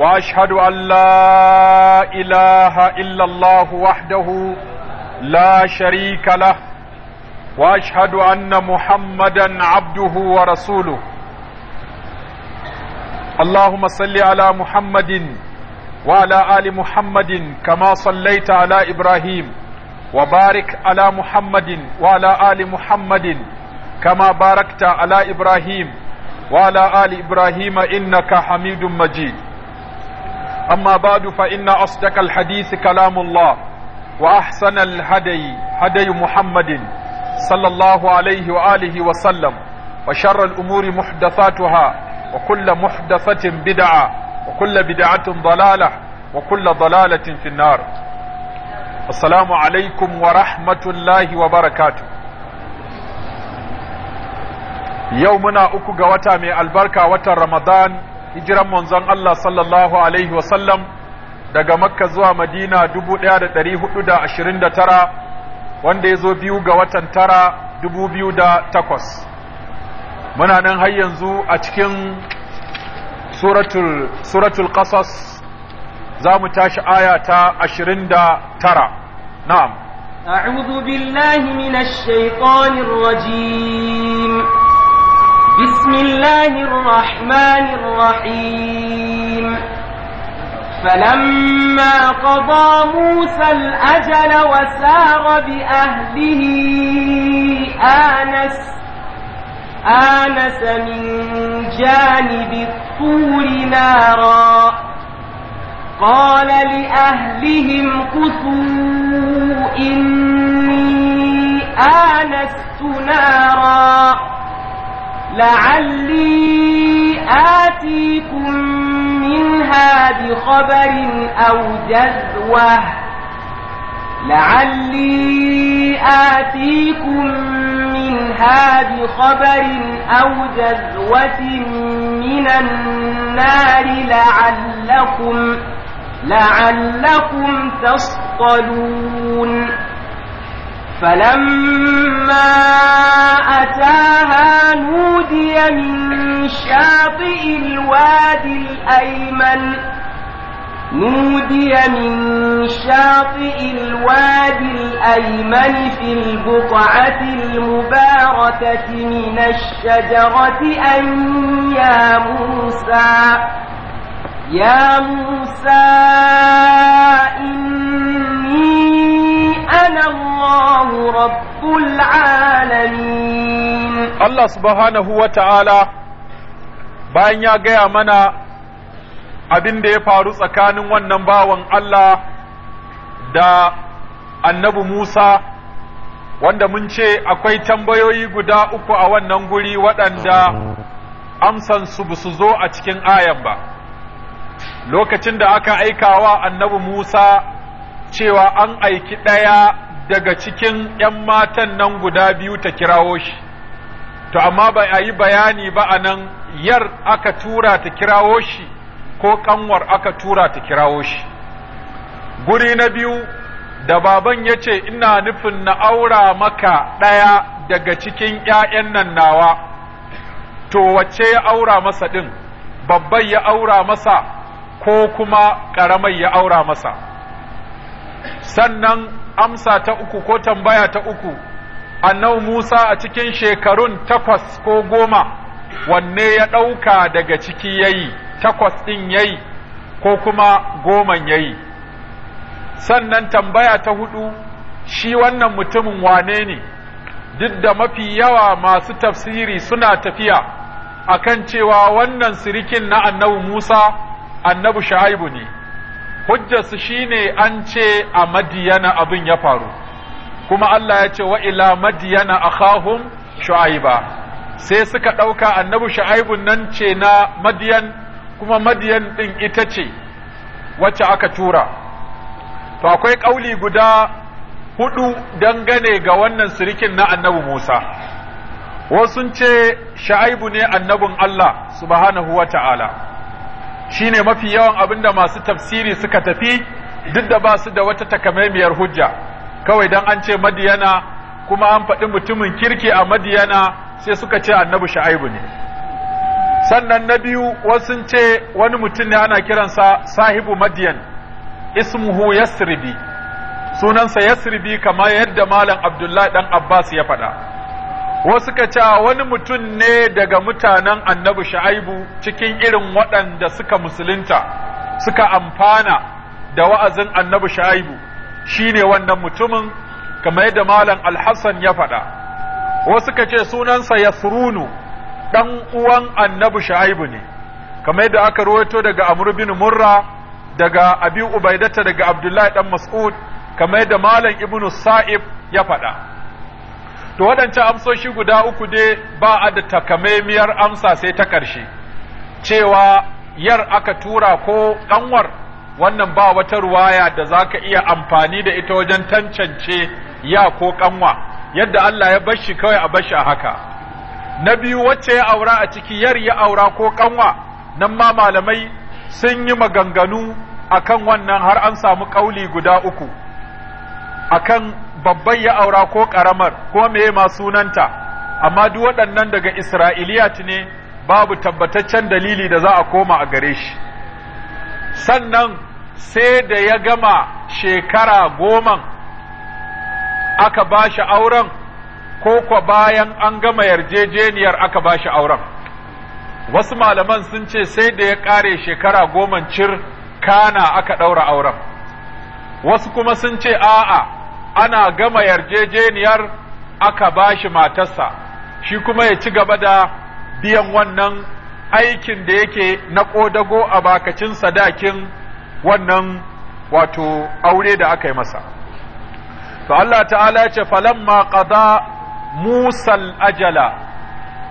واشهد ان لا اله الا الله وحده لا شريك له واشهد ان محمدا عبده ورسوله اللهم صل على محمد وعلى ال محمد كما صليت على ابراهيم وبارك على محمد وعلى ال محمد كما باركت على ابراهيم وعلى ال ابراهيم انك حميد مجيد أما بعد فإن أصدق الحديث كلام الله وأحسن الهدي هدي محمد صلى الله عليه وآله وسلم وشر الأمور محدثاتها وكل محدثة بدعة وكل بدعة ضلالة وكل ضلالة في النار السلام عليكم ورحمة الله وبركاته يومنا أكو قوتا من البركة وتر رمضان hijiran manzon Allah sallallahu alaihi wa sallam daga makka zuwa madina tara, wanda ya zo biyu ga watan tara dubu biyu da takwas. muna nan har yanzu a cikin suratul, suratul qasas za mu tashi aya ta tara. na'am أعوذ بالله من الشيطان الرجيم بسم الله الرحمن الرحيم فلما قضى موسى الأجل وسار بأهله آنس آنس من جانب الطور نارا قال لأهلهم كثوا إني آنست نارا لعلي آتيكم منها بخبر أو جذوة لعلي آتيكم منها بخبر أو جذوة من النار لعلكم لعلكم تصطلون فلما أتاها نودي من شاطئ الوادي الأيمن نودي من شاطئ الوادي الأيمن في البقعة المباركة من الشجرة أن يا موسى يا موسى إن Allah subhanahu العالمين الله bayan ya gaya mana abin da ya faru tsakanin wannan bawan Allah da annabi Musa wanda mun ce akwai tambayoyi guda uku a wannan guri waɗanda amsansu ba su zo a cikin ayan ba lokacin da aka aikawa annabi Musa cewa an aiki ɗaya daga cikin ‘yan matan nan guda biyu ta kirawo shi, to amma ba a yi bayani ba a nan yar aka tura ta kirawo shi ko ƙanwar aka tura ta kirawo shi. Guri na biyu da baban ya ce ina nufin na aura maka ɗaya daga cikin ‘ya'yan nan nawa, to wacce ya aura masa ɗin, babban ya aura masa ko kuma ƙaramai ya aura masa. sannan amsa ta uku ko tambaya ta uku annabi Musa a cikin shekarun takwas ko goma wanne ya ɗauka daga ciki yayi takwas ɗin yayi ko kuma goman yayi sannan tambaya ta hudu shi wannan mutumin wane ne duk da mafi yawa masu tafsiri suna tafiya akan cewa wannan sirikin na annabi Musa annabi Shu'aibu ne hujjarsu shine an ce a madiyana abin ya faru kuma Allah ya ce wa ila madiyana akhahum shu'aiba sai suka ɗauka annabi shu'aibun nan ce na madiyan kuma madiyan ɗin ita ce wacce aka tura to akwai ƙauli guda hudu dangane ga wannan sirikin na annabi Musa wasu ce shu'aibu ne annabin Allah subhanahu wa ta'ala shine mafi yawan abinda masu tafsiri suka tafi duk da ba su da wata takamaimiyar hujja kawai dan an ce madiyana kuma an faɗi mutumin kirki a madiyana sai suka ce annabi sha'aibu ne sannan na biyu wasu ce wani mutum ne ana kiransa sahibu madiyan ismuhu yasribi sunansa yasribi kamar yadda malam abdullahi dan abbas ya faɗa wasu suka ce wani mutum ne daga mutanen annabi shu'aibu cikin irin waɗanda suka musulunta suka amfana da wa'azin annabi shu'aibu shine wannan mutumin kamar yadda malam alhassan ya faɗa wasu suka ce sunansa yasrunu ɗan uwan annabi shu'aibu ne kamar yadda aka ruwaito daga amr murra daga abi ubaidata daga abdullahi ɗan mas'ud kamar yadda malam ibnu sa'ib ya faɗa to waɗancan amsoshi guda uku dai ba a da takamaimiyar amsa sai ta ƙarshe cewa yar aka tura ko ƙanwar wannan ba wata ruwaya da za ka iya amfani da ita wajen tantance ya ko ƙanwa yadda Allah ya bashi kawai a bashi a haka na biyu wacce ya aura a ciki yar ya aura ko ƙanwa nan ma malamai sun yi maganganu akan wannan har an samu ƙauli guda uku akan babban ya aura ko ƙaramar ko meye ma sunanta amma duk waɗannan daga isra'iliyat ne babu tabbataccen dalili da za a koma a gare shi sannan sai da ya gama shekara goman aka ba shi auren ko kwa bayan an gama yarjejeniyar aka ba shi auren wasu malaman sun ce sai da ya ƙare shekara goman cir kana aka ɗaura auren wasu kuma sun ce a'a ana gama yarjejeniyar aka bashi matarsa shi kuma ya ci gaba da biyan wannan aikin da yake na ƙodago a bakacin sadakin wannan wato aure da aka yi masa to Allah ta'ala ce falamma qada musal ajala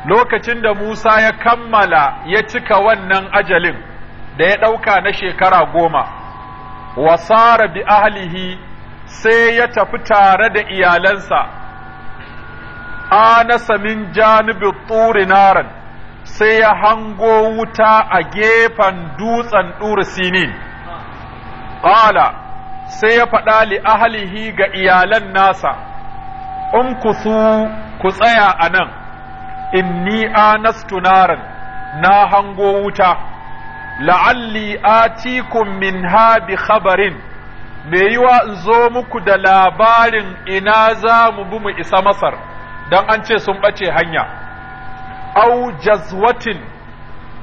lokacin da Musa ya kammala ya cika wannan ajalin da ya ɗauka na shekara goma wasara bi ahlihi sai ya tafi tare da iyalansa anasa min janibin turi naran sai ya hango wuta a gefen dutsen ɗuri sinin ƙala sai ya faɗa li ahalihi ga iyalan nasa in ku su ku tsaya a nan inni anastu naran na hango wuta la'alli a tikun min ha bi khabarin mai yiwa in zo muku da labarin ina za mu bi mu isa Masar, don an ce sun ɓace hanya, au jazwatin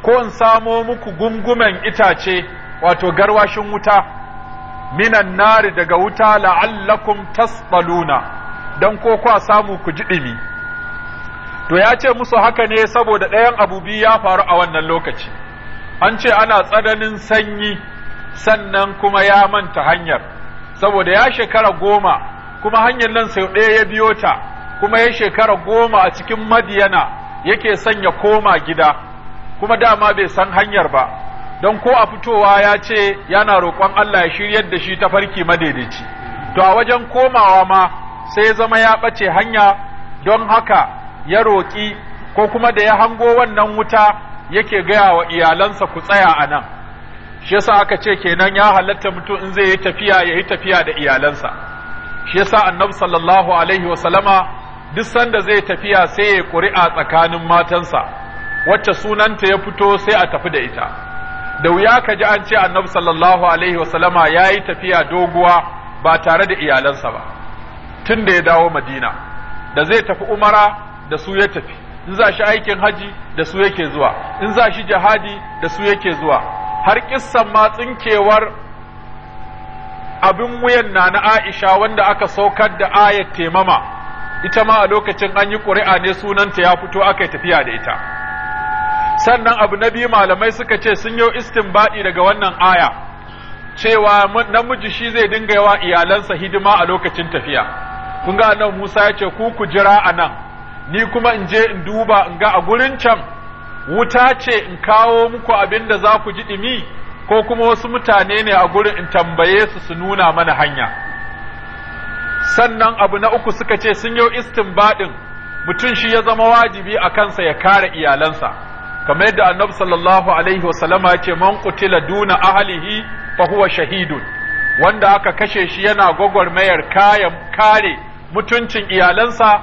ko in samo muku gungumen itace wato garwashin wuta, minan nari daga wuta la'allakum tasbaluna don ko kwa samu ku ji ɗimi. To ya ce musu haka ne saboda ɗayan abu ya faru a wannan lokaci, an ce ana tsananin sanyi. sannan kuma ya manta hanyar saboda ya shekara goma kuma hanyar nan sau ɗaya ya biyo ta kuma ya shekara goma a cikin madiyana yake sanya koma gida kuma dama bai san hanyar ba don ko a fitowa ya ce yana roƙon Allah ya shiryar da shi ta farki madaidaici to a wajen komawa ma sai zama ya ɓace hanya don haka ya roƙi ko kuma da ya hango wannan wuta yake gaya wa iyalansa ku tsaya a nan shi yasa aka ce kenan ya halatta mutum in zai yi tafiya ya yi tafiya da iyalansa shi yasa annabi sallallahu alaihi wasallama duk sanda zai tafiya sai ya ƙuri'a tsakanin matansa wacce sunanta ya fito sai a tafi da ita da wuya ka ji an ce annabi sallallahu alaihi wasallama ya yi tafiya doguwa ba tare da iyalansa ba tun da ya dawo madina da zai tafi umara da su ya tafi in za shi aikin haji da su yake zuwa in za shi jihadi da su yake zuwa har kissan ma tsinkewar abin wuyan na na Aisha wanda aka saukar da ayat temama ita ma a lokacin an yi ƙuri'a ne sunanta ya fito aka yi tafiya da ita sannan abu na biyu malamai suka ce sun yi istinbadi daga wannan aya cewa namiji shi zai dinga yawa iyalansa hidima a lokacin tafiya kun ga nan Musa ya ce ku ku jira a nan ni kuma in je in duba in ga a gurin can wuta ce in kawo muku abin da za ku ji ɗumi ko kuma wasu mutane ne a gurin in tambaye su su nuna mana hanya sannan abu na uku suka ce sun yi istinbadin mutum shi ya zama wajibi a kansa ya kare iyalansa kamar yadda annabi sallallahu alaihi wasallama ya ce man qutila duna ahlihi fa huwa shahidun wanda aka kashe shi yana gwagwarmayar kayan kare mutuncin iyalansa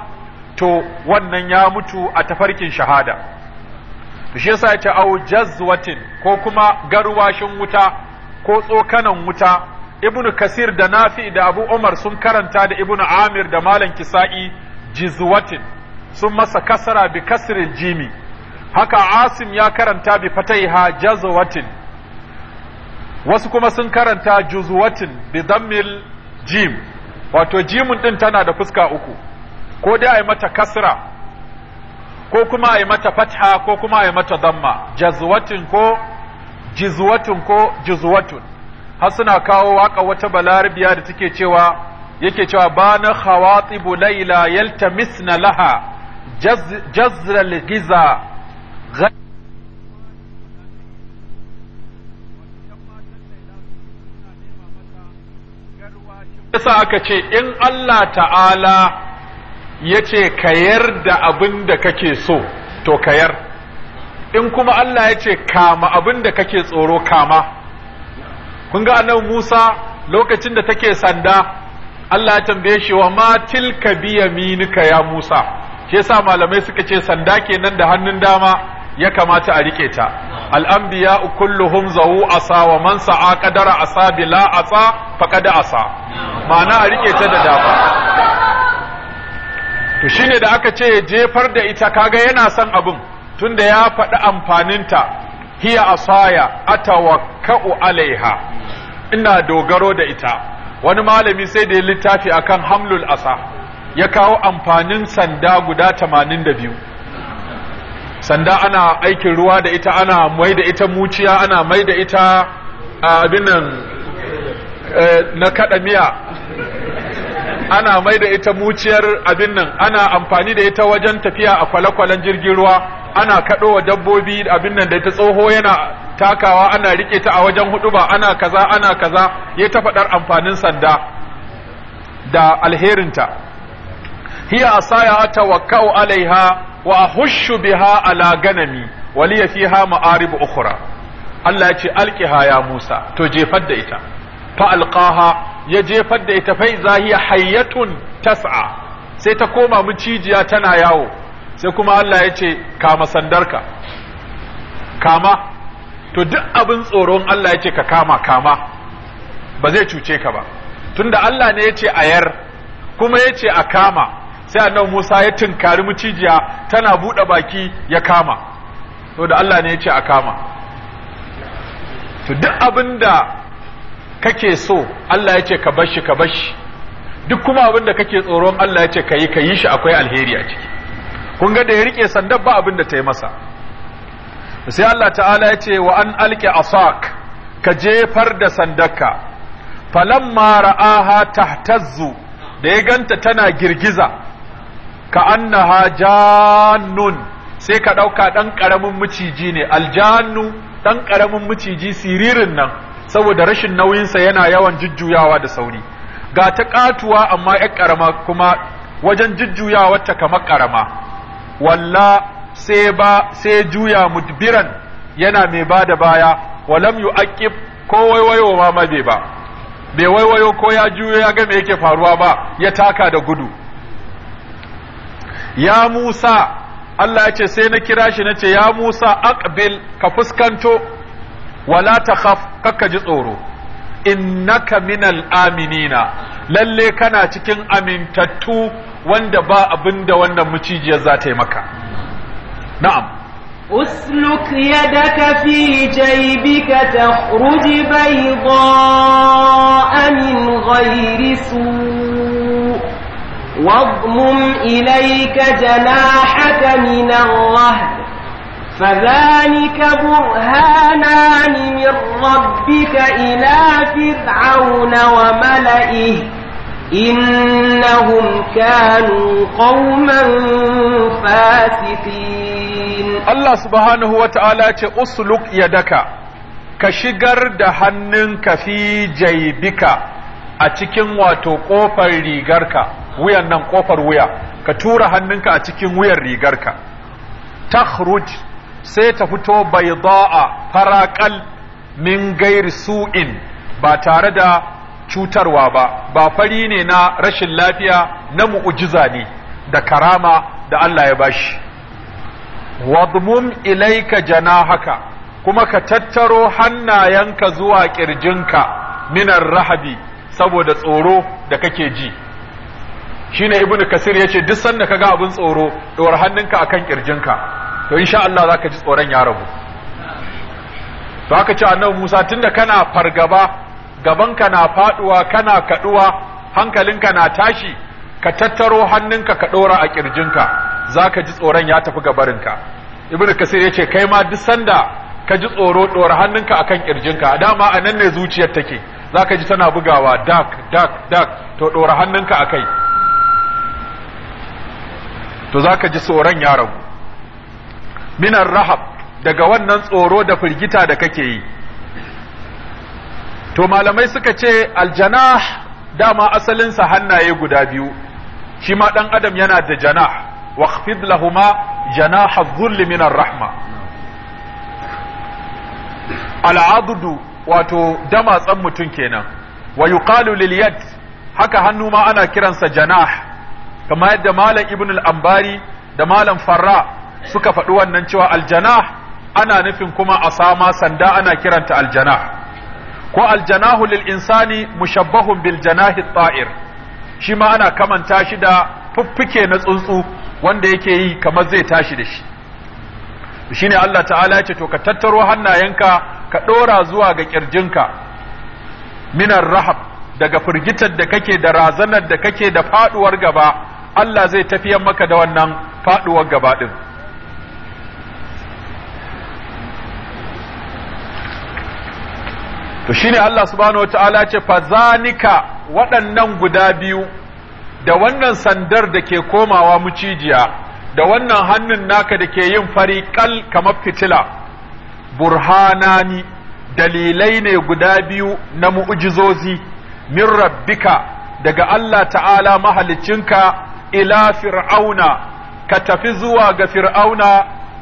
to wannan ya mutu a tafarkin shahada shi yasa ya ce au jazwatin ko kuma garwashin wuta ko tsokanan wuta ibnu kasir da nafi da abu umar sun karanta da ibnu amir da malam kisa'i jizwatin sun masa kasara bi kasril jimi haka asim ya karanta bi fataiha jazwatin wasu kuma sun karanta juzwatin bi dammil jim wato jimun din tana da fuska uku ko dai a mata kasra ko kuma a yi mata fatha ko kuma a yi mata damma jazwatin ko jizwatin ko jizwatun har suna kawo waka wata balarabiya da take cewa yake cewa bana khawatibu laila yaltamisna laha jazral giza yasa aka ce in Allah ta'ala ya ce ka yar da abin da kake so to ka yar in kuma Allah ya ce kama abin da kake tsoro kama kun ga annabi Musa lokacin da take sanda Allah ya tambaye shi wa ma tilka biyaminika ya Musa shi yasa malamai suka ce sanda kenan da hannun dama ya kamata a rike ta al'ambiya kulluhum zawu asa wa man sa'a qadara asa bila asa faqada asa ma'ana a rike ta da dama to shine da aka ce jefar da ita kaga yana son abin tunda ya faɗi amfaninta hiya asaya atawakka'u alaiha ina dogaro da ita wani malami sai da ya littafi akan hamlul asa ya kawo amfanin sanda guda 82 sanda ana aikin ruwa da ita ana mai da ita muciya ana mai da ita abin nan eh, na kaɗa miya ana mai da ita muciyar abin nan ana amfani da ita wajen tafiya a kwale-kwalen jirgin ruwa ana kaɗo wa dabbobi abin nan da ita tsoho yana takawa ana rike ta a wajen huɗuba, ana kaza ana kaza ya ta faɗar amfanin sanda da alherinta hiya asaya wakau alaiha wa hushu biha ala ganami waliya fiha ma'arib ukhra Allah ya ce alqiha ya Musa to jefar da ita fa alqaha ya jefar da ita fa zahiya hayyatun tas'a sai ta koma mucijiya tana yawo sai kuma Allah ya ce kama sandarka kama to duk abin tsoron Allah ya ce ka kama kama ba zai cuce ka ba tunda Allah ne ya ce yar kuma ya ce a kama sai annabi Musa ya tinkari mucijiya tana buɗe baki ya kama to da Allah ne ya ce a kama to duk abin da kake so Allah ya ce ka bashi ka bashi duk kuma abin da kake tsoron Allah ya ce ka yi ka yi shi akwai alheri a ciki kun ga da ya rike sandan ba abin da ta yi masa sai Allah ta'ala ya ce wa an alke asak ka jefar da sandarka falamma ra'aha tahtazzu da ya ganta tana girgiza ka annaha jannun sai ka ɗauka ɗan ƙaramin maciji ne Aljanu ɗan ƙaramin maciji siririn nan saboda rashin nauyinsa yana yawan jujjuyawa da sauri ga ta katuwa amma ya karama kuma wajen jujjuyawa ta kamar karama walla sai ba sai juya mudbiran yana mai ba da baya walam yu'aqib ko waiwayo ma ma bai ba bai waiwayo ko ya juyo ya ga me yake faruwa ba ya taka da gudu ya Musa Allah ya ce sai na kira shi na ce ya Musa aqbil ka fuskanto wala takhaf kakka ji tsoro innaka minal aminina lalle kana cikin amintattu wanda ba abinda wannan mucijiyar za ta yi maka na'am أسلك يدك في جيبك تخرج بيضاء من غير سوء واضمم إليك جناحك من الرهب فذلك برهانان من ربك إلى فرعون وملئه إنهم كانوا قوما فاسقين الله سبحانه وتعالى أسلك يدك كشجر دهنك في جيبك a cikin wato ƙofar rigarka wuyan nan ƙofar wuya ka tura hannunka a cikin wuyan rigarka takhruj sai ta fito bayda'a farakal min gairi su'in ba tare da cutarwa ba ba fari ne na rashin lafiya na mu'ujiza ne da karama da Allah ya bashi wadmum ilaika janahaka kuma ka tattaro hannayenka zuwa kirjinka minar rahabi saboda tsoro da kake ji shine ibnu kasir yace duk sanda kaga abin tsoro dawar hannunka akan kirjinka to insha Allah zaka ji tsoron ya rabu to aka ce annabi Musa tunda kana fargaba gabanka na faduwa kana kaduwa hankalinka na tashi ka tattaro hannunka ka dora a kirjinka zaka ji tsoron ya tafi gabarinka ibnu kasir yace kai ma duk sanda ka ji tsoro dora hannunka akan kirjinka dama anan ne zuciyar take zaka ji tana bugawa dak dak dak to dora hannunka akai to zaka ji tsoron ya rabu Minan rahab daga wannan tsoro da firgita da kake yi to malamai suka ce aljanah dama asalinsa hannaye guda biyu shi ma ɗan adam yana da janah waqfid lahuma janah az minan rahma al'adudu wato damatsan mutum kenan wa yuqalu lil yad haka hannu ma ana kiransa janah kama yadda malam ibn al-ambari da malam farra suka faɗi wannan cewa aljanah ana nufin kuma a sama sanda ana kiranta aljanah ko aljanahu lil insani mushabbahun bil janahi ta'ir shi ma ana kamanta shi da fuffuke na tsuntsu wanda yake yi kamar zai tashi da shi shine Allah ta'ala ya ce to ka tattaro hannayenka ka ɗora zuwa ga kirjinka minar rahab daga firgitar da kake da razanar da kake da faɗuwar gaba Allah zai tafiyar maka da wannan faɗuwar gaba ɗin to shine Allah subhanahu wataala ce fazanika waɗannan guda biyu da wannan sandar da ke komawa mucijiya da wannan hannun naka da ke yin fari kal kamar fitila burhanani dalilai ne guda biyu na mu'ujizozi min rabbika daga Allah ta'ala mahalicinka ila fir'auna ka tafi zuwa ga fir'auna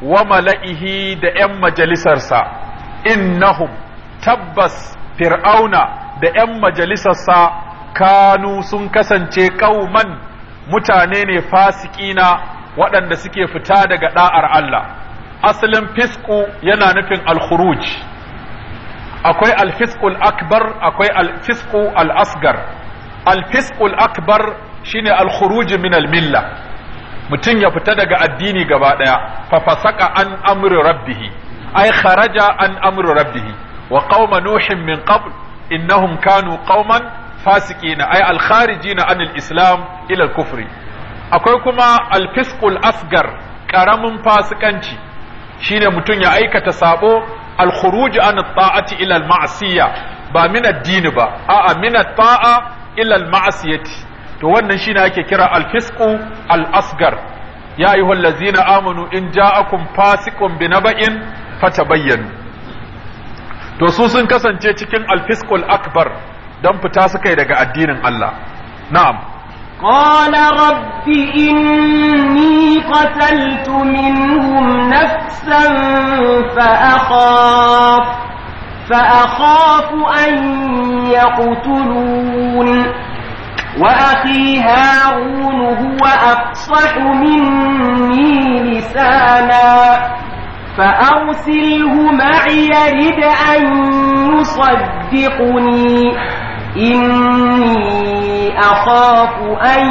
wa mala'ihi da ‘yan majalisarsa innahum tabbas fir'auna da ‘yan majalisarsa kanu sun kasance kauman mutane ne fasikina waɗanda suke fita daga ɗa'ar Allah asalin fisku yana nufin alkhuruj akwai alfiskul akbar akwai alfisku al'asgar alfiskul akbar shine alkhuruj min almilla mutum ya fita daga addini gaba ɗaya fa fasaka an amri rabbihi ai kharaja an amri rabbihi wa qauma nuhin min qabl innahum kanu qauman fasiqina ay al kharijina anil islam ila kufri akwai kuma al fisqul asgar ƙaramin fasikanci shine mutum ya aikata saɓo al khuruj an ta'ati ila al ma'siyah ba min addini ba a'a min ta'a ila al to wannan shine ake kira al fisqu al asgar ya ayyuhallazina amanu in ja akun ja'akum fasiqun binaba'in fatabayyanu to su sun kasance cikin alfiskul akbar don fita su kai daga addinin Allah na'am قال رب إني قتلت منهم نفسا فأخاف فأخاف أن يقتلون وأخي هارون هو أفصح مني لسانا فأرسله معي رد أن يصدقني إني أخاف أن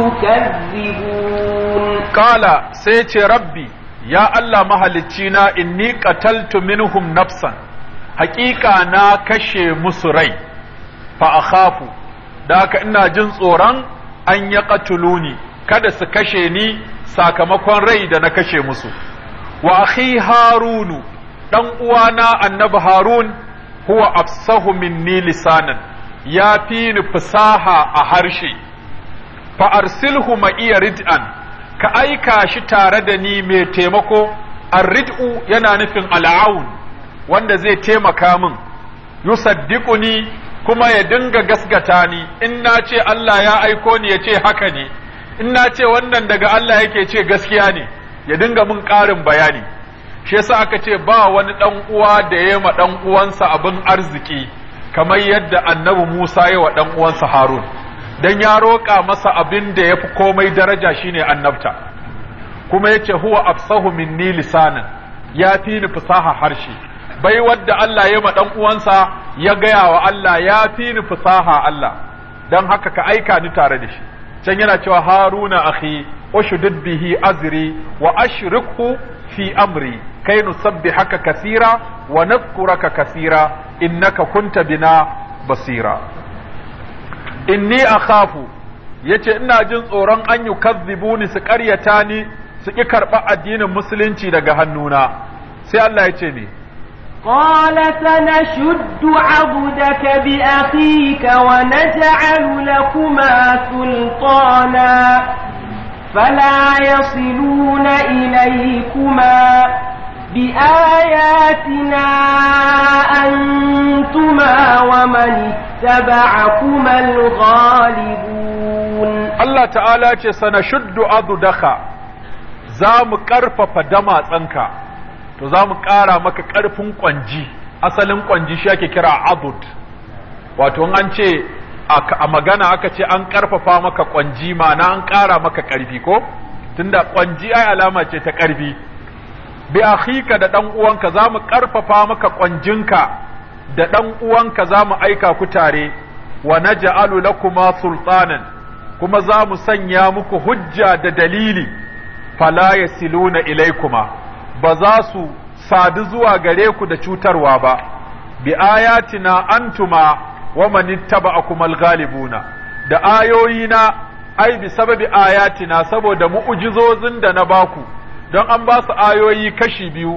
يكذبون قال سيت ربي يا الله مهلتينا إني قتلت منهم نفسا حقيقة أنا كشي مسري فأخاف ذاك إنا جنس أوران أن يقتلوني kada su kashe ni sakamakon rai da na kashe musu wa akhi harunu dan uwana annabi harun huwa afsahu minni lisanan ya fi ni fasaha a harshe fa arsilhu ma iya rid'an ka aika shi tare da ni mai taimako arrid'u yana nufin al'aun wanda zai taimaka min yusaddiquni kuma ya dinga gasgata ni in na ce Allah ya aiko ni ya ce haka ne in na ce wannan daga Allah yake ce gaskiya ne ya dinga mun ƙarin bayani shi yasa aka ce ba wani dan uwa da ya ma dan uwansa abin arziki kamar yadda annabi Musa ya wa dan uwansa Harun dan ya roƙa masa abin da yafi komai daraja shine annabta kuma yace huwa afsahu ni lisanan ya fi ni fasaha harshe bai wadda Allah ya ma dan uwansa ya gaya wa Allah ya fi ni fasaha Allah dan haka ka aika ni tare da shi can yana cewa Haruna akhi wa amri. Kai nu وأشركه في أمري كي نسبحك كثيرا ونذكرك كثيرا إنك كنت بنا بصيرا إني أخاف yace ina jin tsoron an yi kazzibuni su karyata ni su ƙi karɓa addinin musulunci daga hannuna sai Allah ya ce ni qala sanashuddu abudaka bi akhika wa naj'alu lakuma sultana فلا يصلون إليكما بآياتنا أنتما ومن اتبعكما الغالبون الله تعالى سنشد أضدخا زام كرفف دمات أنكا to za mu ƙara maka ƙarfin ƙwanji asalin ƙwanji shi ake kira abud wato an ce a magana aka ce an ƙarfafa maka kwanji na an ƙara maka ƙarfi ko tunda kwanji ai alama ce ta ƙarfi bi akhika da dan uwanka za mu karfafa maka kwanjinka da dan uwanka za mu aika ku tare wa naj'alu lakuma sultanan kuma zamu sanya muku hujja da dalili fala yasiluna ilaikuma ba za su sadu zuwa gare ku da cutarwa ba bi ayatina antuma wa man ittaba'akumal ghalibuna da na ai bi sababi ayatina saboda mu'ujizozun da na baku don an ba su ayoyi kashi biyu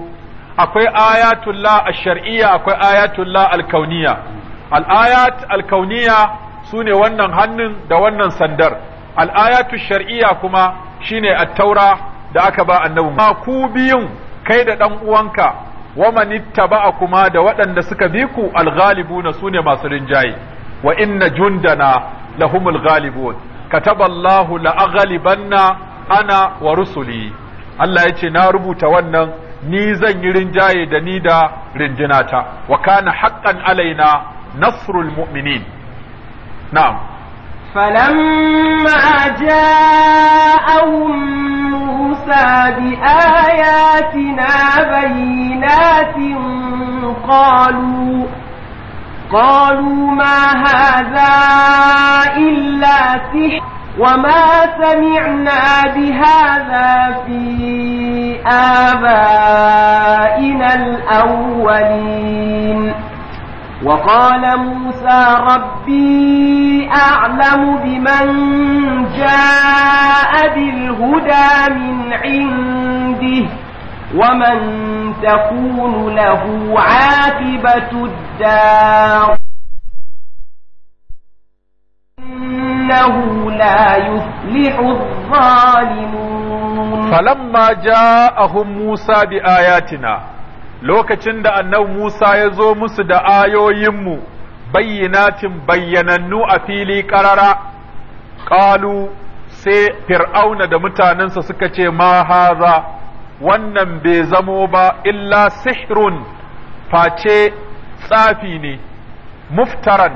akwai ayatullah ash-shar'iyya akwai ayatullah al-kauniyya al-ayat al-kauniyya sune wannan hannun da wannan sandar al-ayatu shar'iyya kuma shine at-taura da aka ba annabi ma ku biyun kai da dan uwanka wa man kuma da waɗanda suka bi ku al na sune masu rinjaye wa inna jundana lahumul ghalibun kataballahu la'aghlibanna ana wa rusuli Allah yace na rubuta wannan ni zan yi rinjaye da ni da rinjinata wa kana haqqan alaina nasrul mu'minin na'am فلما جاءهم موسى بآياتنا بينات قالوا قالوا ما هذا إلا سحر وما سمعنا بهذا في آبائنا الأولين وقال موسى ربي أعلم بمن جاء بالهدى من عنده ومن تكون له عاقبة الدار إنه لا يفلح الظالمون فلما جاءهم موسى بآياتنا lokacin da annabi Musa ya zo musu da ayoyinmu bayyinatin bayyanannu a fili ƙarara ƙalu sai fir'auna da mutanensa suka ce ma haza wannan bai zamo ba illa sihrun face tsafi ne muftaran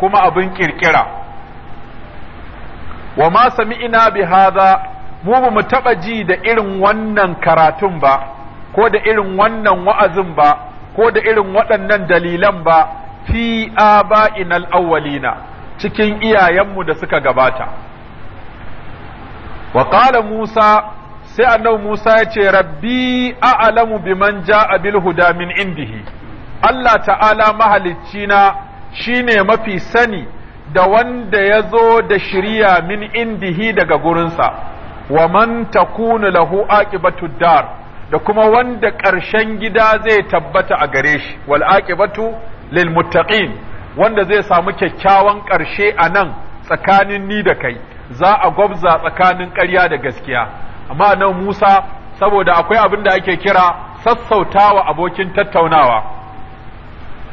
kuma abin kirkira wa ma ina bi haza mu ba mu taɓa ji da irin wannan karatun ba ko da irin wannan wa'azin ba ko da irin waɗannan dalilan ba fi aba'inal awwalina cikin iyayenmu da suka gabata wa ƙala Musa sai annabi Musa ya ce rabbi a'lamu man ja bil huda min indihi Allah ta'ala mahaliccina shine mafi sani da wanda ya zo da shirya min indihi daga gurinsa wa man takunu lahu aqibatud dar da kuma wanda ƙarshen gida zai tabbata a gare shi wal aqibatu lil muttaqin wanda zai samu kyakkyawan ƙarshe a nan tsakanin ni da kai za a gwabza tsakanin ƙarya da gaskiya amma nan Musa saboda akwai abin da ake kira sassautawa abokin tattaunawa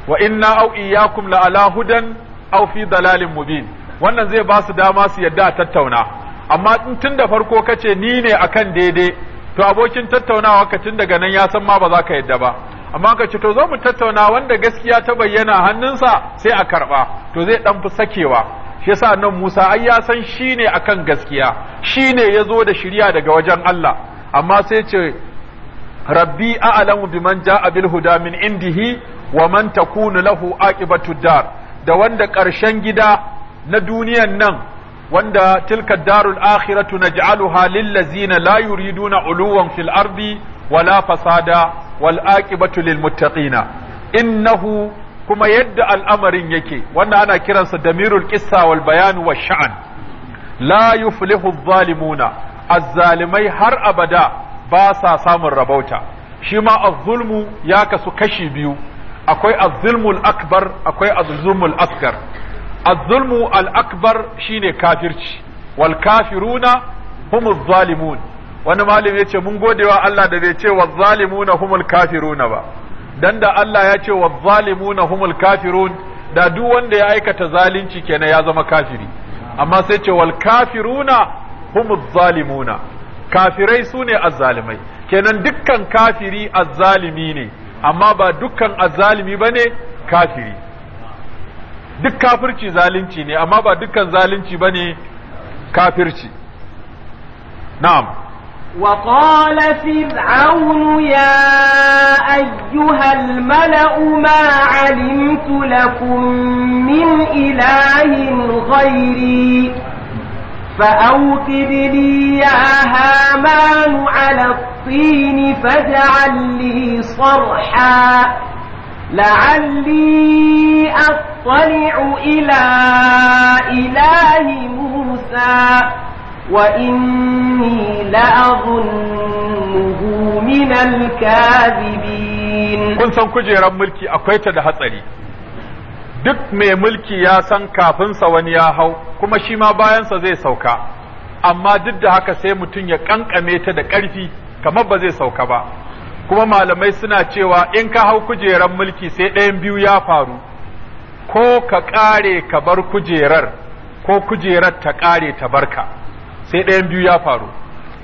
wa inna au iyyakum la ala hudan aw fi dalalin mubin wannan zai ba su dama su yadda tattauna amma tun da farko kace ni ne akan daidai to abokin tattaunawa ka tun daga nan ya san ma ba za ka yadda ba amma ka ce to zo mu tattauna wanda gaskiya ta bayyana hannunsa sai a karba to zai dan fi sakewa shi yasa nan Musa ai ya san shine akan gaskiya shine yazo da shiriya daga wajen Allah amma sai ce rabbi a'lamu biman ja'a bil huda min indihi wa man takunu lahu aqibatu dar da wanda karshen gida na duniyan nan wanda tilka darul akhiratu naj'aluha lil ladzina la yuriduna uluwan fil wala fasada wal lil muttaqina innahu kuma yadda al'amarin yake wannan ana kiransa damirul qissa wal bayan wa sha'an la yuflihu adh har abada ba sa samun rabauta shi ma az ya kasu kashi biyu akwai akbar akwai az-zulmu al-akbar shine kafirci Walkafiruna kafiruna zalimun wani malami yace mun gode wa Allah da bai ce wa zalimuna humul kafiruna ba dan da Allah ya ce wa zalimuna humul kafirun da duk wanda ya aikata zalunci kenan ya zama kafiri amma sai ce wal kafiruna humuz zalimuna kafirai sune azzalimai kenan dukkan kafiri azzalimi ne amma ba dukkan azzalimi bane kafiri duk kafirci zalunci ne amma ba dukkan zalunci bane kafirci na'am وقال فرعون يا أيها الملأ ما علمت لكم من إله غيري فأوقد لي يا هامان على الطين فاجعل لي صرحا لعلي أطلع إلى إله موسى وإني لأظنه من الكاذبين kun san kujerar mulki akwai ta da hatsari duk mai mulki ya san kafinsa wani ya hau kuma shi ma bayansa zai sauka amma duk da haka sai mutum ya kankame ta da ƙarfi kamar ba zai sauka ba kuma malamai suna cewa in ka hau kujerar mulki sai ɗayan biyu ya faru ko ka ƙare ka bar kujerar ko kujerar ta ƙare ta barka sai ɗayan biyu ya faru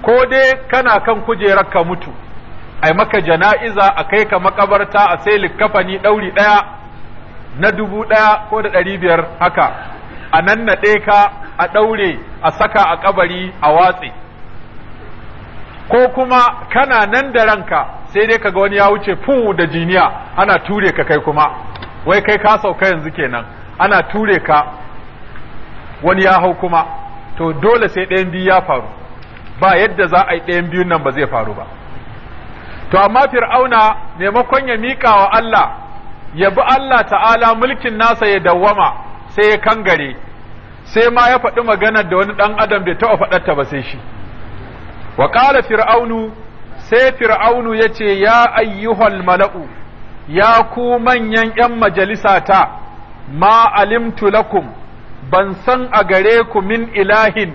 ko dai kana kan kujerar ka mutu ai maka jana'iza a kai ka makabarta a sai likkafani ɗauri ɗaya na dubu ɗaya ko da ɗari biyar haka a nan naɗe ka a ɗaure a saka a ƙabari a watse ko kuma kana nan da ranka sai dai kaga wani ya wuce fu da jiniya ana ture ka kai kuma wai kai ka sauka yanzu kenan ana ture ka wani ya hau kuma to dole sai ɗayan biyu ya faru ba yadda za a yi ɗayan biyun nan ba zai faru ba to amma fir'auna maimakon ya miƙa wa Allah ya bi Allah ta'ala mulkin nasa ya dawwama sai ya kangare sai ma ya faɗi magana da wani ɗan adam bai taɓa faɗarta ba sai shi wa ƙala fir'aunu sai fir'aunu ya ce ya ayyuhal mala'u ya ku manyan ‘yan majalisata ma alimtu lakum ban san a gare ku min ilahin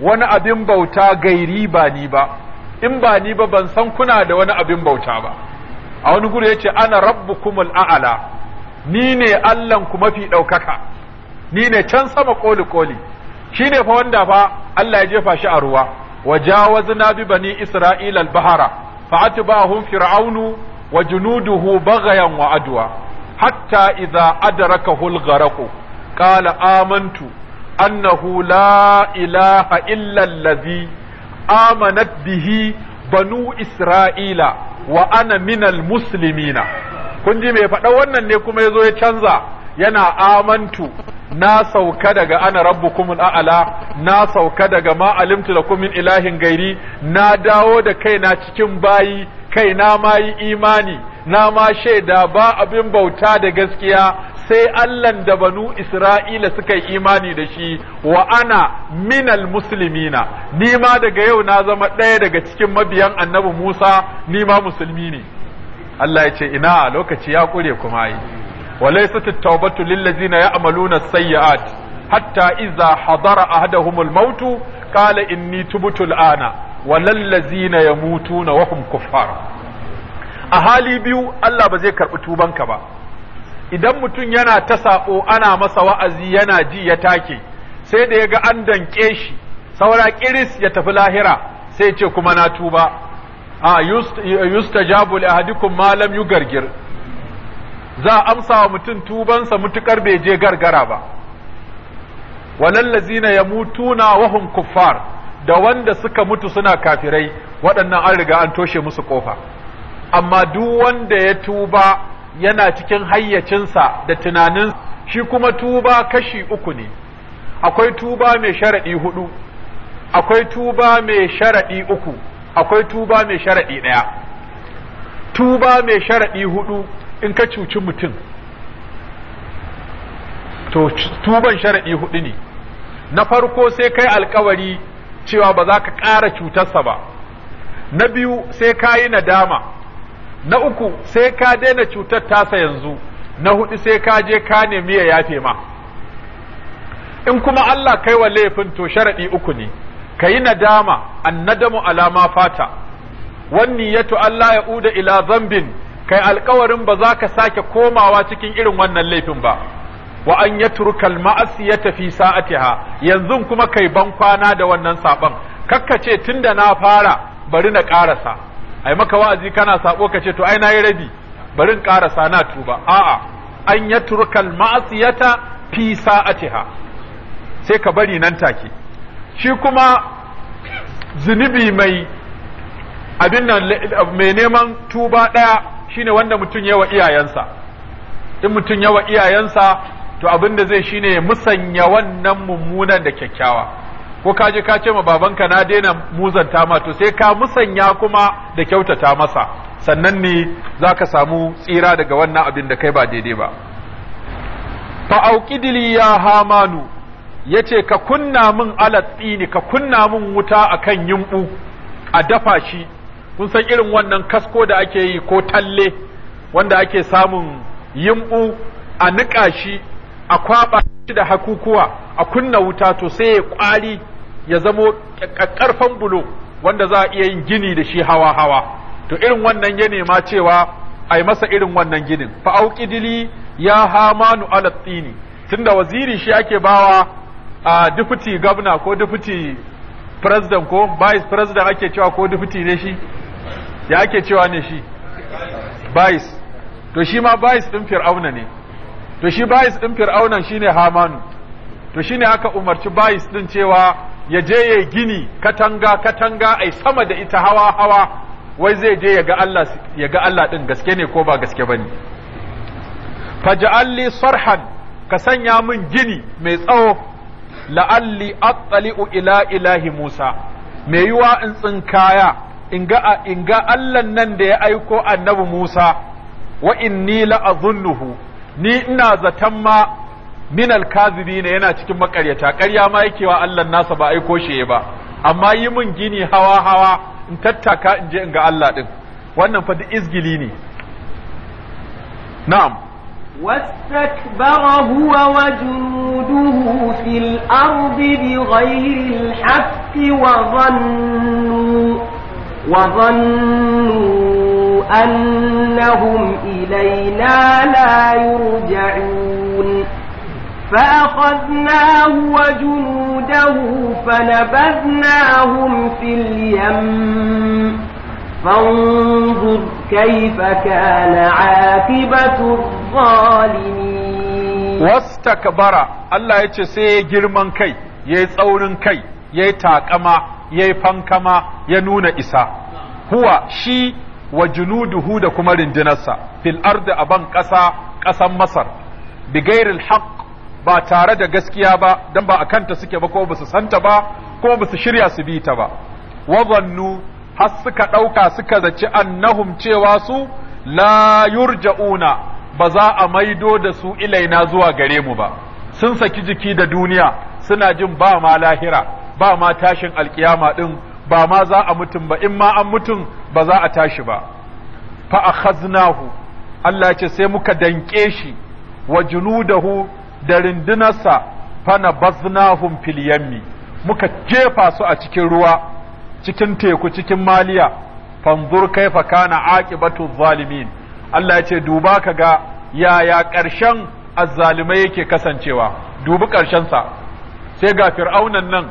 wani abin bauta gairi ba ni ba in ba ni ba ban san kuna da wani abin bauta ba a wani guri yace ana rabbukumul a'ala ni ne ku mafi ɗaukaka ni ne can sama koli koli ne fa wanda fa Allah ya jefa shi a ruwa وجاوزنا ببني إسرائيل البحر فأتباهم فرعون وجنوده بغيا وعدوى حتى إذا أدركه الغرق قال آمنت أنه لا إله إلا الذي آمنت به بنو إسرائيل وأنا من المسلمين kun ji mai faɗa wannan ne kuma ya zo ya canza yana amantu na sauka daga ana rabbukumul a'ala na sauka daga ma alimtu da kumin ilahin gairi na dawo da kaina cikin bayi kai na ma yi imani na ma shaida ba abin bauta da gaskiya sai Allahn da banu Isra'ila suka yi imani da shi wa ana minal musulmina, ni ma daga yau na zama ɗaya daga cikin mabiyan annabi Musa, ni ma musulmi ne. Allah ya ce, ina lokaci ya kure kuma yi. وليست التوبة للذين يعملون السيئات حتى إذا حضر أحدهم الموت قال إني تبت الآن وللذين يموتون وهم كفار أهالي بيو ألا karɓi tubanka ba. idan mutum yana ta saɓo ana masa wa'azi yana ji ya take sai da ya ga an danke shi saura ƙiris ya tafi lahira sai ce kuma na tuba a yusta jabul ahadikum ma lam yugargir za a amsa wa mutum tubansa mutukar bai je gargara ba walallazina yamutuna wa hum kuffar da wanda suka mutu suna kafirai waɗannan an riga an toshe musu ƙofa. amma duk wanda ya tuba yana cikin hayyacinsa da tunanin shi kuma tuba kashi uku ne akwai tuba mai sharaɗi hudu akwai tuba mai sharaɗi uku akwai tuba mai sharaɗi ɗaya tuba mai sharaɗi hudu in ka cuci mutum to tuban shari'i hudu ne na farko sai kai alkawari cewa ba za ka ƙara cutarsa ba na biyu sai ka yi nadama na uku sai ka daina cutar tasa yanzu na hudu sai ka je ka nemi ya yafe ma in kuma Allah kai wa laifin to sharaɗi uku ne ka yi nadama annadamu alama fata wanni yato Allah ya uda ila zambin kai alkawarin ba za ka sake komawa cikin irin wannan laifin ba wa an yatrukal ma'asiyata fi sa'atiha yanzu kuma kai ban kwana da wannan saban kakkace tunda na fara bari na karasa ai maka wa'azi kana sabo kace to ai nayi rabi bari in karasa na tuba a'a an yatrukal ma'asiyata fi sa'atiha sai ka bari nan take shi kuma zunubi mai abin nan mai neman tuba ɗaya shine wanda mutum yawa iyayensa in mutum yawa iyayensa to abin da zai shine musanya wannan mummunan da kyakkyawa ko ka je ka ce ma babanka na daina muzanta ma to sai ka musanya kuma da kyautata masa sannan ne za ka samu tsira daga wannan abin da kai ba daidai ba fa'auƙidili ya hamanu ya ce ka kunna min alatsi ne ka kunna min wuta akan kan yimɓu a dafa shi kun san irin wannan kasko da ake yi ko talle wanda ake samun yimbu a niƙa shi a kwaba shi da hakukuwa a kunna wuta to sai ya kwari ya zamo ƙarfan bulo wanda za a iya yin gini da shi hawa hawa to irin wannan ya nema cewa ai masa irin wannan ginin fa auqidili ya hamanu ala tsini tunda waziri shi ake bawa a deputy governor ko deputy president ko vice president ake cewa ko deputy ne shi ya ake cewa ne shi bais to shi ma bais din fir'auna ne to shi bais din fir'aunan shine hamanu to shine aka umarci bayis din cewa ya je ya gini katanga katanga ai sama da ita hawa hawa wai zai je ya ga Allah ya ga Allah din gaske ne ko ba gaske bane faj'alli sarhan ka sanya min gini mai tsawo la'alli attali'u ila ilahi Musa mai yiwa in tsinkaya in ga in ga Allah nan da ya aiko annabi Musa wa inni la azunnuhu ni ina zaton ma min alkazibina yana cikin makaryata ƙarya ma yake wa Allah nasa ba aiko shi ba amma yi mun gini hawa hawa in tattaka in je in ga Allah din wannan fa duk izgili ne na'am واستكبر هو وجنوده في الأرض بغير الحق وظنوا وظنوا أنهم إلينا لا يرجعون فأخذناه وجنوده فنبذناهم في اليم فانظر كيف كان عاقبة الظالمين واستكبر الله يتسي جرمان كي يتسولن كي يتاكما ya fankama ya nuna isa huwa shi wa junuduhu da kuma rindinarsa fil ardi a ban ƙasa ƙasan masar bigairil haqq ba tare da gaskiya ba dan ba a kanta suke ba ko ba su santa ba ko ba su shirya su bi ta ba wa har suka ɗauka suka zaci annahum cewa su la yurja'una ba za a maido da su ilaina zuwa gare mu ba sun saki jiki da duniya suna jin ba ma lahira ba ma tashin alkiyama din ba ma za a mutum ba in ma an mutum ba za a tashi ba fa akhaznahu Allah ce sai muka danke shi wa junudahu da rindunarsa fa nabaznahum fil yammi muka jefa su a cikin ruwa cikin teku cikin maliya fanzur kaifa kana aqibatu zalimin Allah ya ce duba ka ga yaya ƙarshen azzalimai yake kasancewa dubi ƙarshensa sai ga fir'aunan nan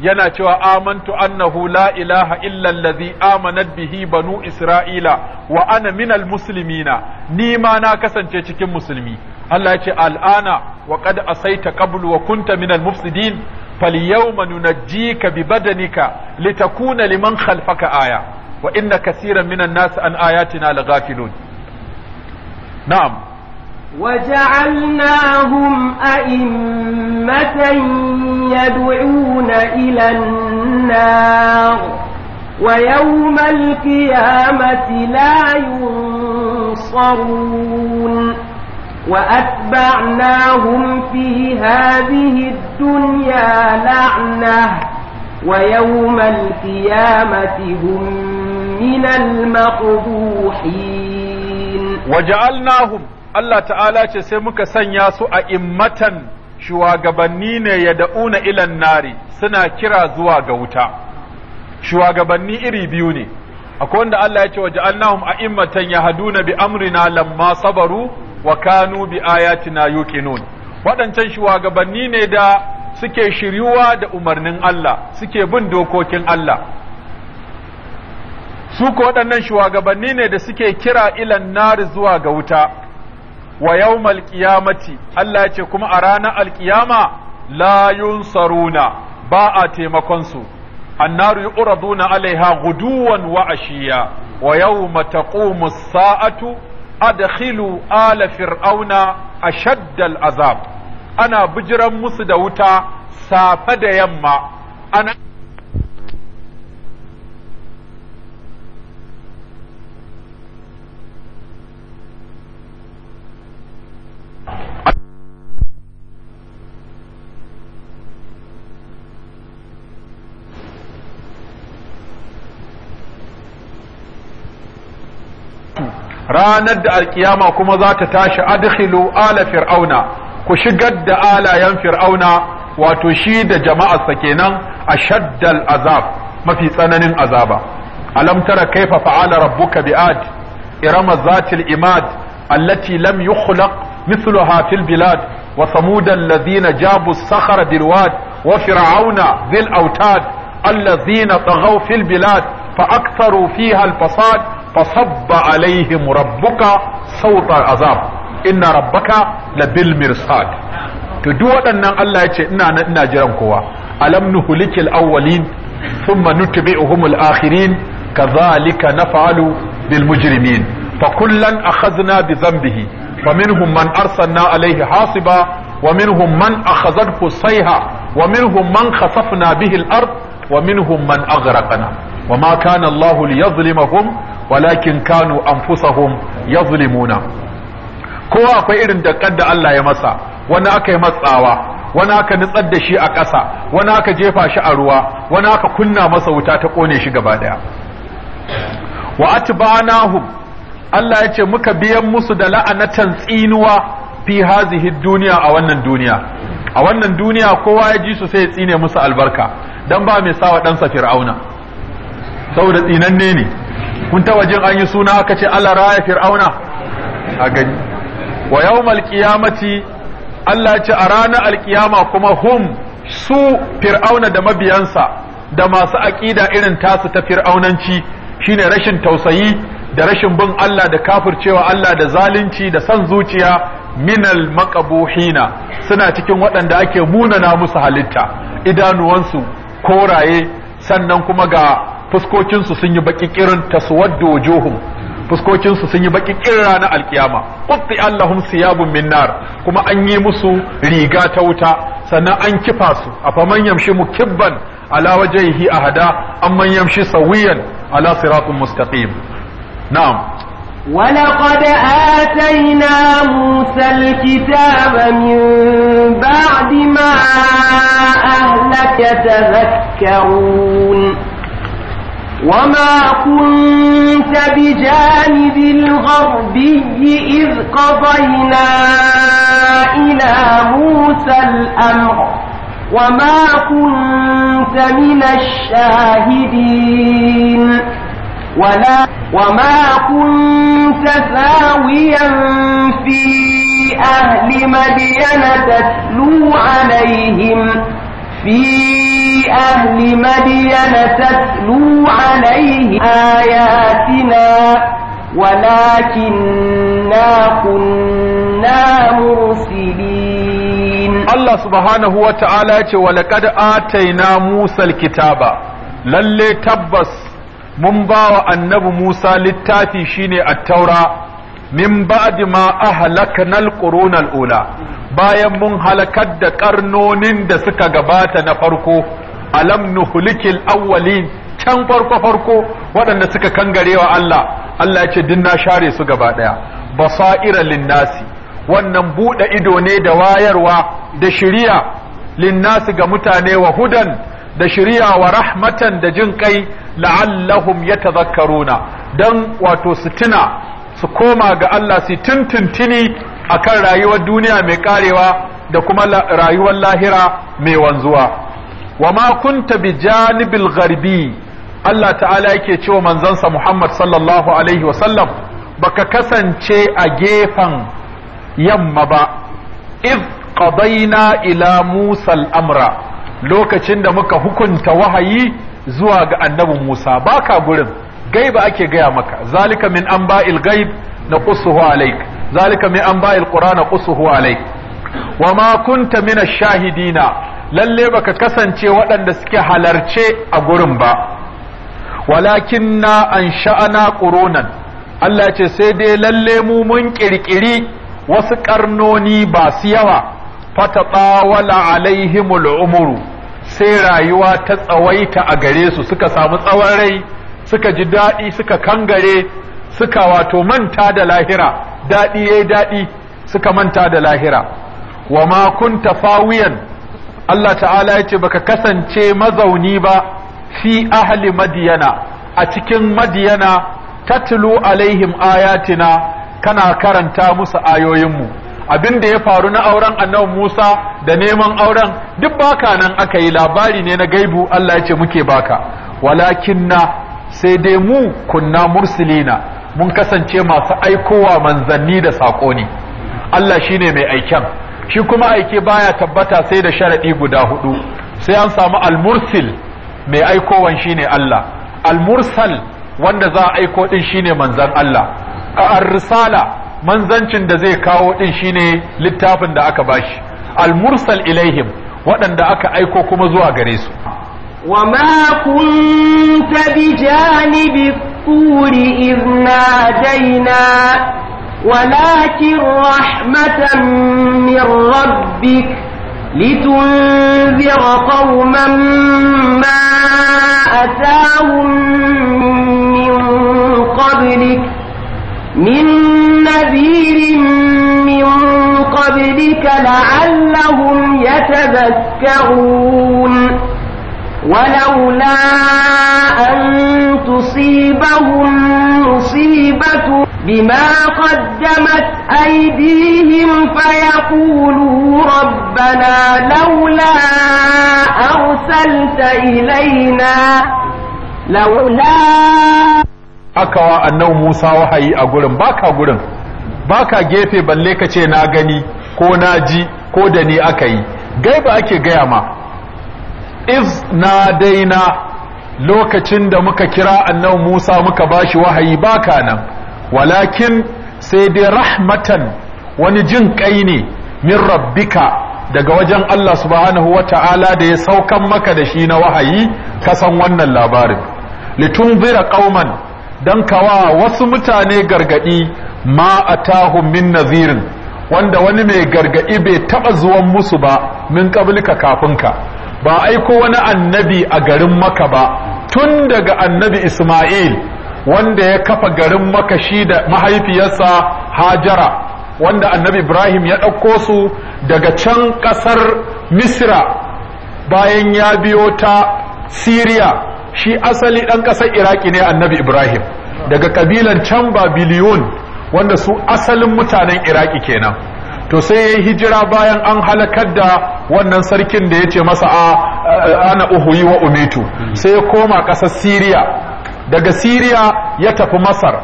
yana cewa amantu annahu la ilaha illa allazi amanat bihi banu isra'ila wa ana minal muslimina ni ma na kasance cikin musulmi Allah ya ce al'ana wa qad asaita qablu wa kunta minal mufsidin falyawma nunajjika bi badanika litakuna liman khalfaka aya wa inna kaseeran minan nas an ayatina laghafilun na'am وجعلناهم أئمة يدعون إلى النار ويوم القيامة لا ينصرون وأتبعناهم في هذه الدنيا لعنة ويوم القيامة هم من المقبوحين وجعلناهم Allah ta'ala ce sai muka sanya su a immatan shugabanni ne ya da'una ilan nari suna kira zuwa ga wuta shugabanni iri biyu ne akwai wanda Allah ya ce wa ja'alnahum a'immatan Haduna bi amrina lamma sabaru wa kanu bi ayatina yuqinun waɗancan shuwagabanni ne da suke shiryuwa da umarnin Allah suke bin dokokin Allah su ko waɗannan shugabanni ne da suke kira ilan nari zuwa ga wuta wa yawmal qiyamati Allah ya ce kuma a ranar alkiyama la yunsaruna ba a taimakon su annaru yuraduna alaiha guduwan wa ashiya wa yawma taqumu saatu adkhilu ala fir'auna ashaddal azab ana bijiran musu da wuta safe da yamma ana ranar da alkiyama kuma za ta tashi adkhilu ala fir'auna ku shigar da alayen fir'auna wato shi da sa kenan ashaddal azab mafi tsananin azaba alam tara kaifa fa'ala rabbuka bi'ad irama zatil imad allati lam yukhlaq mithluha fil bilad wa samud alladhina jabu as-sakhara wa fir'auna dhil autad alladhina taghaw fil bilad fa aktharu fiha al-fasad fasabba alaihim rabbuka sautar azab inna rabbaka labil mirsad to duk waɗannan Allah ya ce ina nan ina jiran kowa alam nuhlikil awwalin thumma nutbi'uhum al-akhirin kadhalika na bil mujrimin fa kullan akhadna bi dhanbihi fa minhum man arsalna alayhi hasiba wa ومنهم wa أخذته الصيحة ومنهم bihil خسفنا wa الأرض ومنهم من أغرقنا wa ma kana Allah liyazlimahum walakin kanu anfusahum yazlimuna kowa akwai irin dakkar da Allah ya masa wani aka yi matsawa wani aka nitsar da shi a ƙasa wani aka jefa shi a ruwa wani aka kunna masa wuta ta kone shi gaba daya wa atbanahum Allah ya ce muka biyan musu da la'anatan tsinuwa fi hazihi duniya a wannan duniya a wannan duniya kowa ya ji su sai ya tsine musu albarka dan ba mai sawa ɗansa fir'auna saboda tsinanne ne kun taba jin an yi suna aka ce Allah raya fir'auna a gani wa yawmal qiyamati Allah ce a ranar alkiyama kuma hum su fir'auna da mabiyansa da masu aƙida irin tasu ta fir'aunanci shine rashin tausayi da rashin bin Allah da kafircewa Allah da zalunci da san zuciya minal maqabuhina suna cikin waɗanda ake munana musu halitta idanuwansu koraye sannan kuma ga fuskokinsu sun yi baki kirin taswaddu wujuhum fuskokinsu sun yi baki kirra na alkiyama qutti allahum siyabun min nar kuma an yi musu riga ta wuta sannan an kifa su faman yamshi mukibban ala wajhihi ahada amman yamshi sawiyan ala siratin mustaqim na'am ولقد آتينا موسى الكتاب من بعد ما أهلك تذكرون وما كنت بجانب الغربي إذ قضينا إلى موسى الأمر وما كنت من الشاهدين ولا وما كنت ثاويا في أهل مدينة تتلو عليهم في أهل مدينة تتلو عليهم آياتنا ولكننا كنا مرسلين الله سبحانه وتعالى ولقد آتينا موسى الكتاب للي تبس mun ba wa annabi Musa littafi shine at-taura min ba'di ma ahlakna bayan mun halakar da karnonin da suka gabata na farko alam nuhlikil awwalin can farko farko waɗanda suka kangarewa Allah Allah ya ce din na share su gaba daya basaira linnasi wannan buɗe ido ne da wayarwa da shiriya linnasi ga mutane wa hudan da shiriya wa rahmatan da jin kai la'allahum tazakkaruna dan wato su tuna su koma ga Allah su tuntuntuni akan rayuwar duniya mai karewa da kuma rayuwar lahira mai wanzuwa wa ma kunta bi janibil gharbi Allah ta'ala yake cewa manzansa Muhammad sallallahu alaihi wasallam baka kasance a gefen yamma ba iz qadaina ila Musa al-amra lokacin da muka hukunta wahayi zuwa ga annabi Musa baka gurin gaiba ake gaya maka zalika min anba'il na naqussuhu alaik zalika min anba'il qur'an naqussuhu alaik wama kunta min ash-shahidina lalle baka kasance waɗanda suke halarce a gurin ba walakin na an sha'ana ƙuronan Allah ce sai dai lalle mu mun ƙirƙiri wasu ƙarnoni ba su yawa fata tsawala alaihimul umuru sai rayuwa ta tsawaita a gare su suka samu tsawon rai suka ji daɗi suka kangare suka wato manta da lahira daɗi yayi daɗi suka manta da lahira wa ma kunta fawiyan Allah ta'ala ya ce baka kasance mazauni ba fi ahli madiyana a cikin madiyana tatlu alaihim ayatina kana karanta musu ayoyinmu abin da ya faru na auren annabi Musa da neman auren duk baka nan aka yi labari ne na gaibu Allah ya ce muke baka walakinna sai dai mu kunna mursilina mun kasance masu aikowa manzanni da saƙo ne Allah shine mai aiken shi kuma aike baya tabbata sai da sharaɗi guda hudu sai an samu almursil mai aikowan shine Allah almursal wanda za a aiko din shine manzan Allah ar-risala manzancin da zai kawo din shine littafin da aka bashi almursal ilaihim waɗanda aka aiko kuma zuwa gare su وما كنت بجانب الطور إذ نادينا ولكن رحمة من ربك لتنذر قوما ما أتاهم من قبلك من نذير من قبلك لعلهم يتذكرون ولولا أن تصيبهم العاقبة بِمَا قَدَّمَتْ أَيْدِيهِمْ فَيَقُولُوا رَبَّنَا لَوْلَا أَرْسَلْتَ إِلَيْنَا لَوْلَا أكوى أنه موسى وحي أقول باكا أقول باكا جيفي بل na gani ko na ji ko da ni aka yi gaiba ake gaya lokacin da muka kira annabi Musa muka bashi wahayi baka nan walakin sai dai rahmatan wani jin kai ne min rabbika daga wajen Allah subhanahu wata'ala da ya saukan maka da shi na wahayi kasan wannan labarin zira qauman dan kawa wasu mutane gargadi ma atahum min nazirin wanda wani mai gargadi bai taba zuwan musu ba min kablika kafinka ba aiko wani annabi a garin maka ba tun daga annabi isma'il wanda ya kafa garin maka shi da mahaifiyarsa hajara wanda annabi ibrahim ya ɗauko su daga can ƙasar misra bayan ya biyo ta siriya shi asali ɗan ƙasar iraki ne annabi ibrahim daga ƙabilan can babiliyon wanda su asalin mutanen iraki kenan to sai ya yi hijira bayan an halakar da wannan sarkin da ya ce masa a ana uhuyi wa umitu sai ya koma ƙasar siriya daga siriya ya tafi masar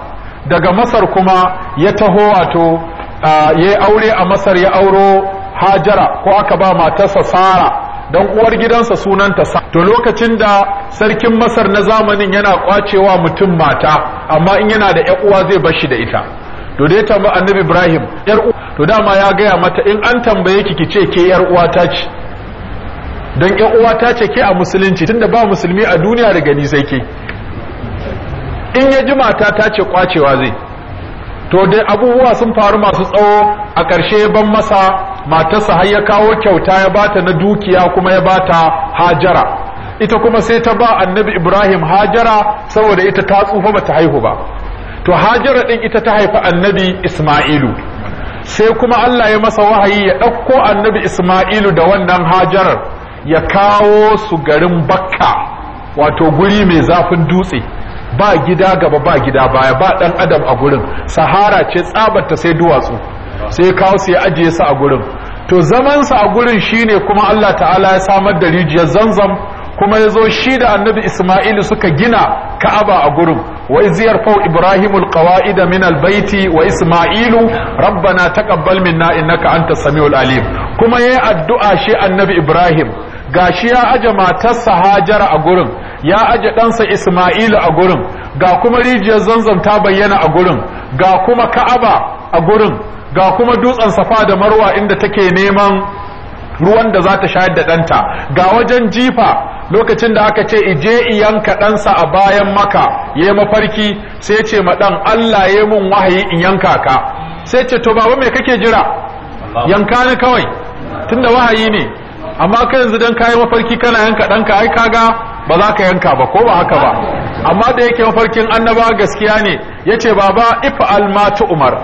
daga masar kuma ya taho wato ya yi aure a masar ya auro hajara ko aka ba matarsa sara don uwar gidansa sunanta sa to lokacin da sarkin masar na zamanin yana kwacewa mutum mata amma in yana da uwa zai bar shi da ita to da ya annabi ibrahim yar to dama ya gaya mata in an tambaye ki ki ce ke yar uwata ce don yar ta ce ke a musulunci tunda ba musulmi a duniya daga ni sai ke in ya ji mata ta ce kwacewa zai to dai abubuwa sun faru masu tsawo a ƙarshe ban masa matarsa har ya kawo kyauta ya bata na dukiya kuma ya bata hajara ita kuma sai ta ba annabi ibrahim hajara saboda ita ta tsufa bata haihu ba to hajara din ita ta haifi annabi isma'ilu sai kuma Allah ya masa wahayi ya ɗauko annabi isma'ilu da wannan hajarar ya kawo su garin bakka wato guri mai zafin dutse ba gida gaba ba gida baya ba ɗan adam a gurin sahara ce tsabarta sai duwatsu sai kawo su ya ajiye su a gurin to zamansa a gurin shine kuma Allah ta'ala ya samar da rijiyar zanzam kuma ya zo shi da annabi Ismail suka gina Ka'aba a gurin wa iziyar fau Ibrahimul qawa'ida min albaiti wa Ismailu rabbana taqabbal minna innaka antas samiul alim kuma yayi addu'a shi annabi Ibrahim gashi ya aje matarsa Hajara a gurin ya aje ɗansa Ismailu a gurin ga kuma rijiyar Zanzan ta bayyana a gurin ga kuma Ka'aba a gurin ga kuma dutsen Safa da Marwa inda take neman ruwan da za ta shayar da ɗanta ga wajen jifa lokacin da aka ce ije iyanka ɗansa a bayan maka ya yi mafarki sai ce ma ɗan Allah ya mun wahayi in yanka ka sai ce to baba me kake jira yanka ni kawai tunda wahayi ne amma ka yanzu dan yi mafarki kana yanka ɗanka ai kaga ba za ka yanka ba ko ba haka ba amma da yake mafarkin annaba gaskiya ne yace baba if'al ma umar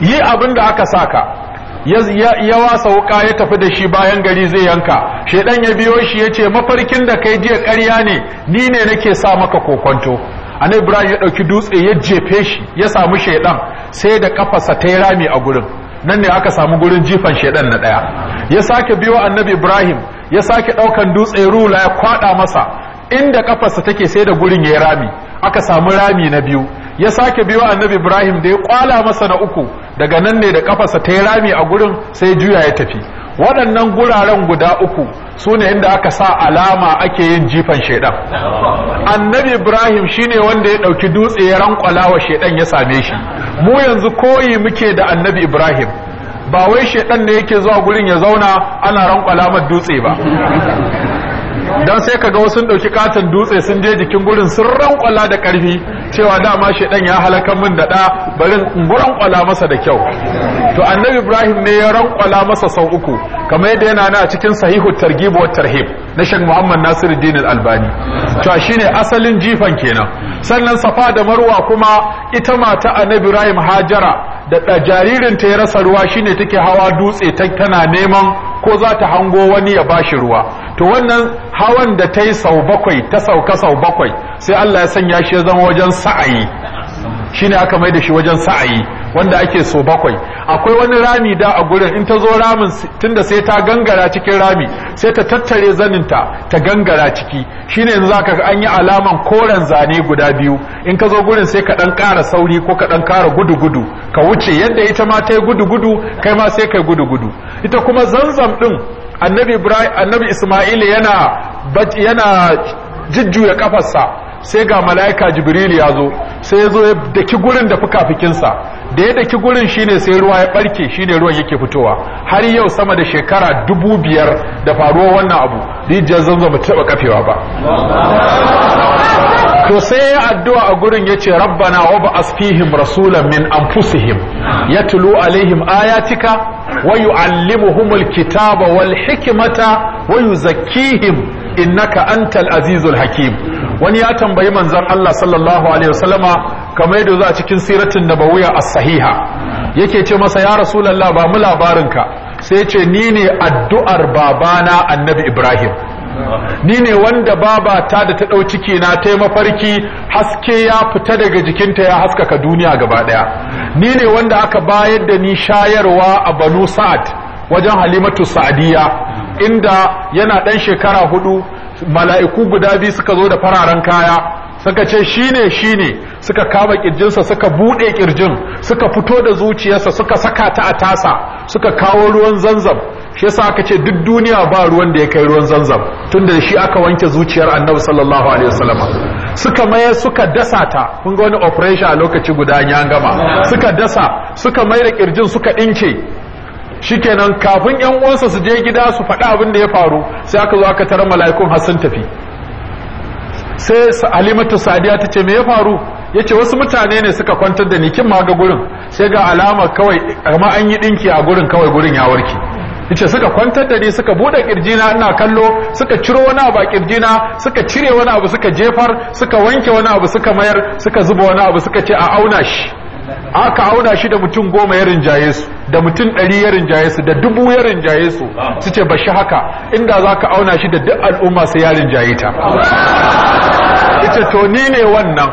yi abin da aka saka ya yawa wuka ya tafi da shi bayan gari zai yanka shedan ya biyo shi ya ce mafarkin da kai jiya ƙarya ne ni ne nake sa maka kokonto annabi ibrahim ya ɗauki dutse ya jefe shi ya samu shedan sai da kafarsa ta rami a gurin nan ne aka samu gurin jifan shedan na ɗaya ya sake biyo annabi ibrahim ya sake ɗaukan dutse rula ya kwaɗa masa inda kafarsa take sai da gurin ya yi rami aka samu rami na biyu ya sake biyo annabi ibrahim da ya kwala masa na uku daga nan ne da kafarsa ta yi rami a gurin sai juya ya tafi waɗannan guraren guda uku su ne inda aka sa alama ake yin jifan shaidan annabi ibrahim shine wanda ya ɗauki dutse ya rankwala wa shaidan ya same shi mu yanzu koyi muke da annabi ibrahim ba wai shaidan ne yake zuwa gurin ya zauna ana rankwala dutse ba don sai ka ga wasu ɗauki katon dutse sun je jikin gurin sun rankwala da ƙarfi cewa dama shi ɗan ya halaka min da ɗa bari in masa da kyau to annabi ibrahim ne ya rankwala masa sau uku kamar yadda yana na cikin sahihu targhib wa tarhib na shan muhammad nasiruddin albani to shine asalin jifan kenan sannan safa da marwa kuma ita mata annabi ibrahim hajara da jaririnta ya rasa ruwa shine take hawa dutse tana neman ko za ta hango wani ya bashi ruwa to wannan hawan da ta yi sau bakwai ta sauka sau bakwai sai Allah ya sanya shi ya zama wajen sa'ayi shine aka mai da shi wajen sa'ayi wanda ake so bakwai akwai wani rami da a gurin in ta zo ramin tunda sai ta gangara cikin rami sai ta tattare zaninta ta gangara ciki shine yanzu zaka an yi alaman koren zane guda biyu in ka zo gurin sai ka ɗan ƙara sauri ko ka dan ƙara gudu gudu ka wuce yadda ita ma ta yi gudu kai ma sai kai gudu gudu ita kuma zanzam ɗin annabi ibrahim annabi isma'il yana yana jijjuya kafarsa sai ga mala'ika jibril ya zo sai ya zo ya daki gurin da fuka fikinsa. da ya daki gurin shine sai ruwa ya barke shine ruwan yake fitowa har yau sama da shekara dubu biyar da faruwa wannan abu rijiyar zanzan ba taɓa kafewa ba to sai ya addu'a a gurin ya ce rabbana wa ba asfihim rasulan min anfusihim ya tulu alaihim ayatika wa yu'allimuhumul kitaba wal hikimata wa yuzakkihim innaka antal azizul hakim wani ya tambayi manzon Allah sallallahu alaihi wasallama kamar yadda za a cikin siratin nabawiya as-sahiha yake ce masa ya rasulullah ba mu labarinka sai ce ni ne addu'ar babana annabi ibrahim ni ne wanda babata da ta ɗau ciki na ta mafarki haske ya fita daga jikinta ya haskaka duniya gaba ɗaya ni ne wanda aka bayar da ni shayarwa a banu sa'ad wajen halimatu sa'adiyya inda yana ɗan shekara hudu mala'iku guda biyu suka zo da fararen kaya suka ce shine shine suka kama ƙirjinsa suka buɗe ƙirjin suka fito da zuciyarsa suka saka ta a tasa suka kawo ruwan zanzam shi yasa aka ce duk duniya ba ruwan da ya kai ruwan zanzam tunda shi aka wanke zuciyar annabi sallallahu alaihi wasallam suka suka dasa ta kun ga wani operation a lokaci guda an gama suka dasa suka mai da kirjin suka ɗince. shikenan kafin yan uwansa su je gida su faɗi abin da ya faru sai aka zo aka tarar mala'ikun har sun tafi sai halimatu sadiya ta ce me ya faru ya ce wasu mutane ne suka kwantar da ni kin ma ga gurin sai ga alama kawai amma an yi ɗinki a gurin kawai gurin ya warke ce suka kwantar da ni suka bude kirjina ina kallo suka ciro wani abu a kirjina suka cire wani abu suka jefar suka wanke wani abu suka mayar suka zuba wani abu suka ce a auna shi aka auna shi da mutum goma ya rinjaye su da mutum ɗari ya rinjaye su da dubu ya rinjaye su su ce ba shi haka inda za ka auna shi da duk al'umma sai ya rinjaye ta ita to ni ne wannan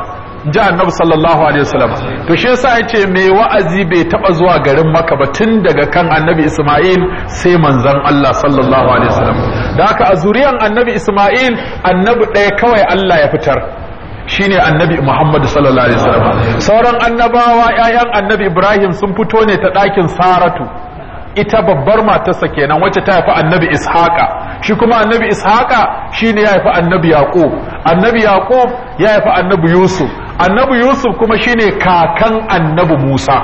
ji annabi sallallahu alaihi wasallam to shi yasa ce me wa'azi bai taba zuwa garin maka ba tun daga kan annabi Isma'il sai manzon Allah sallallahu alaihi wasallam da haka a zuriyan annabi Isma'il annabi ɗaya kawai Allah ya fitar shine annabi Muhammad sallallahu alaihi wasallam sauran annabawa ƴaƴan annabi Ibrahim sun fito ne ta ɗakin Saratu ita babbar matarsa kenan wacce ta haifi annabi Ishaqa shi kuma annabi Ishaqa shine ya haifi annabi Yaqub annabi Yaqub ya haifi annabi Yusuf annabi Yusuf kuma shine kakan annabi Musa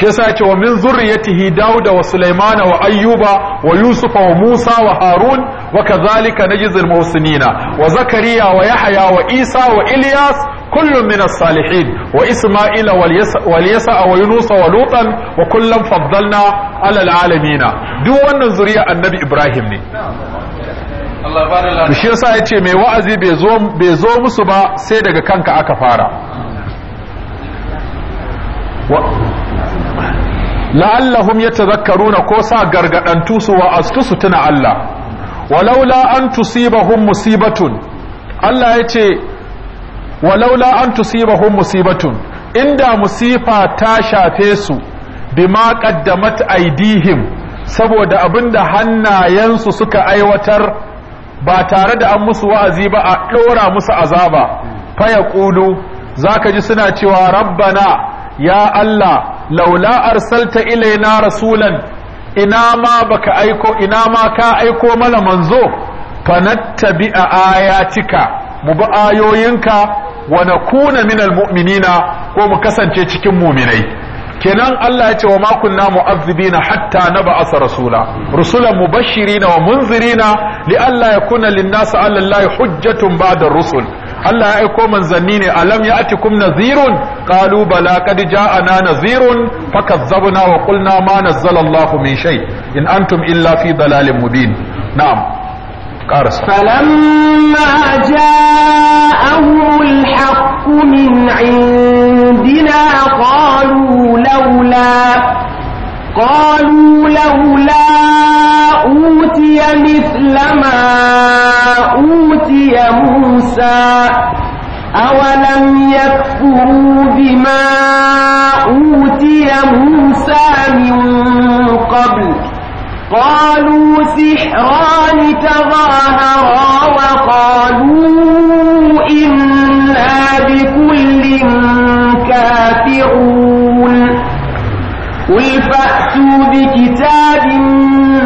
shi yasa ce wa min zurriyatihi dauda wa sulaimana wa ayyuba wa yusufa wa musa wa harun wa kadhalika najiz al muhsinina wa zakariya wa yahya wa isa wa ilyas kullum min as-salihin wa isma'ila wal yasa wa yunus wa lutan wa kullum faddalna ala al alamin duk wannan zuriya annabi ibrahim ne Allah shi yasa yace mai wa'azi bai zo bai zo musu ba sai daga kanka aka fara la'allahum yatadhakkaruna ko sa gargadantu su wa astu tuna Allah walaula an tusibahum musibatun Allah yace walaula an tusibahum musibatun inda musifa ta shafe su bima qaddamat aidihim saboda abinda hannayensu suka aiwatar ba tare da an musu wa'azi ba a ɗora musu azaba fa yaqulu zaka ji suna cewa rabbana ya Allah laula arsalta ilaina rasulan ina ma baka aiko ina ma ka aiko mana manzo fanattabi a ayatika mu bi ayoyinka wa nakuna minal mu'minina ko mu kasance cikin mu'minai kenan Allah ya ce wa makunna kunna mu'azzibina hatta ba'asa rasula rusulan mubashirina wa munzirina li allah yakuna lin-nasi 'ala Allahi hujjatun ba'da rusul Allah ya aiko manzanni ne alam ya'tikum Nazirun? qalu bala qad ja'ana nadhirun fakazzabna wa qulna ma nazzala Allahu min shay in antum illa fi dalalin mubin na'am قارس فلما جاءهم الحق من عندنا قالوا لولا قالوا لولا أوتي مثل ما أوتي موسى أولم يكفروا بما أوتي موسى من قبل قالوا سحران تظاهرا وقالوا إنا بكل كافرون قل فأتوا بكتاب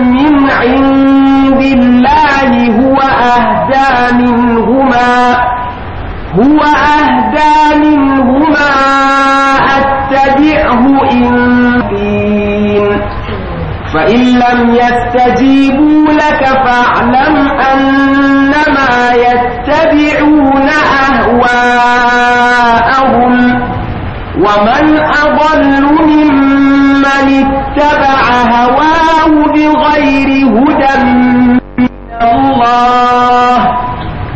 من عند الله هو أهدى منهما هو أهدى منهما أتبعه إن فإن لم يستجيبوا لك فاعلم أنما يتبعون أهواءهم ومن أضل ممن من اتبع هواه بغير هدى من الله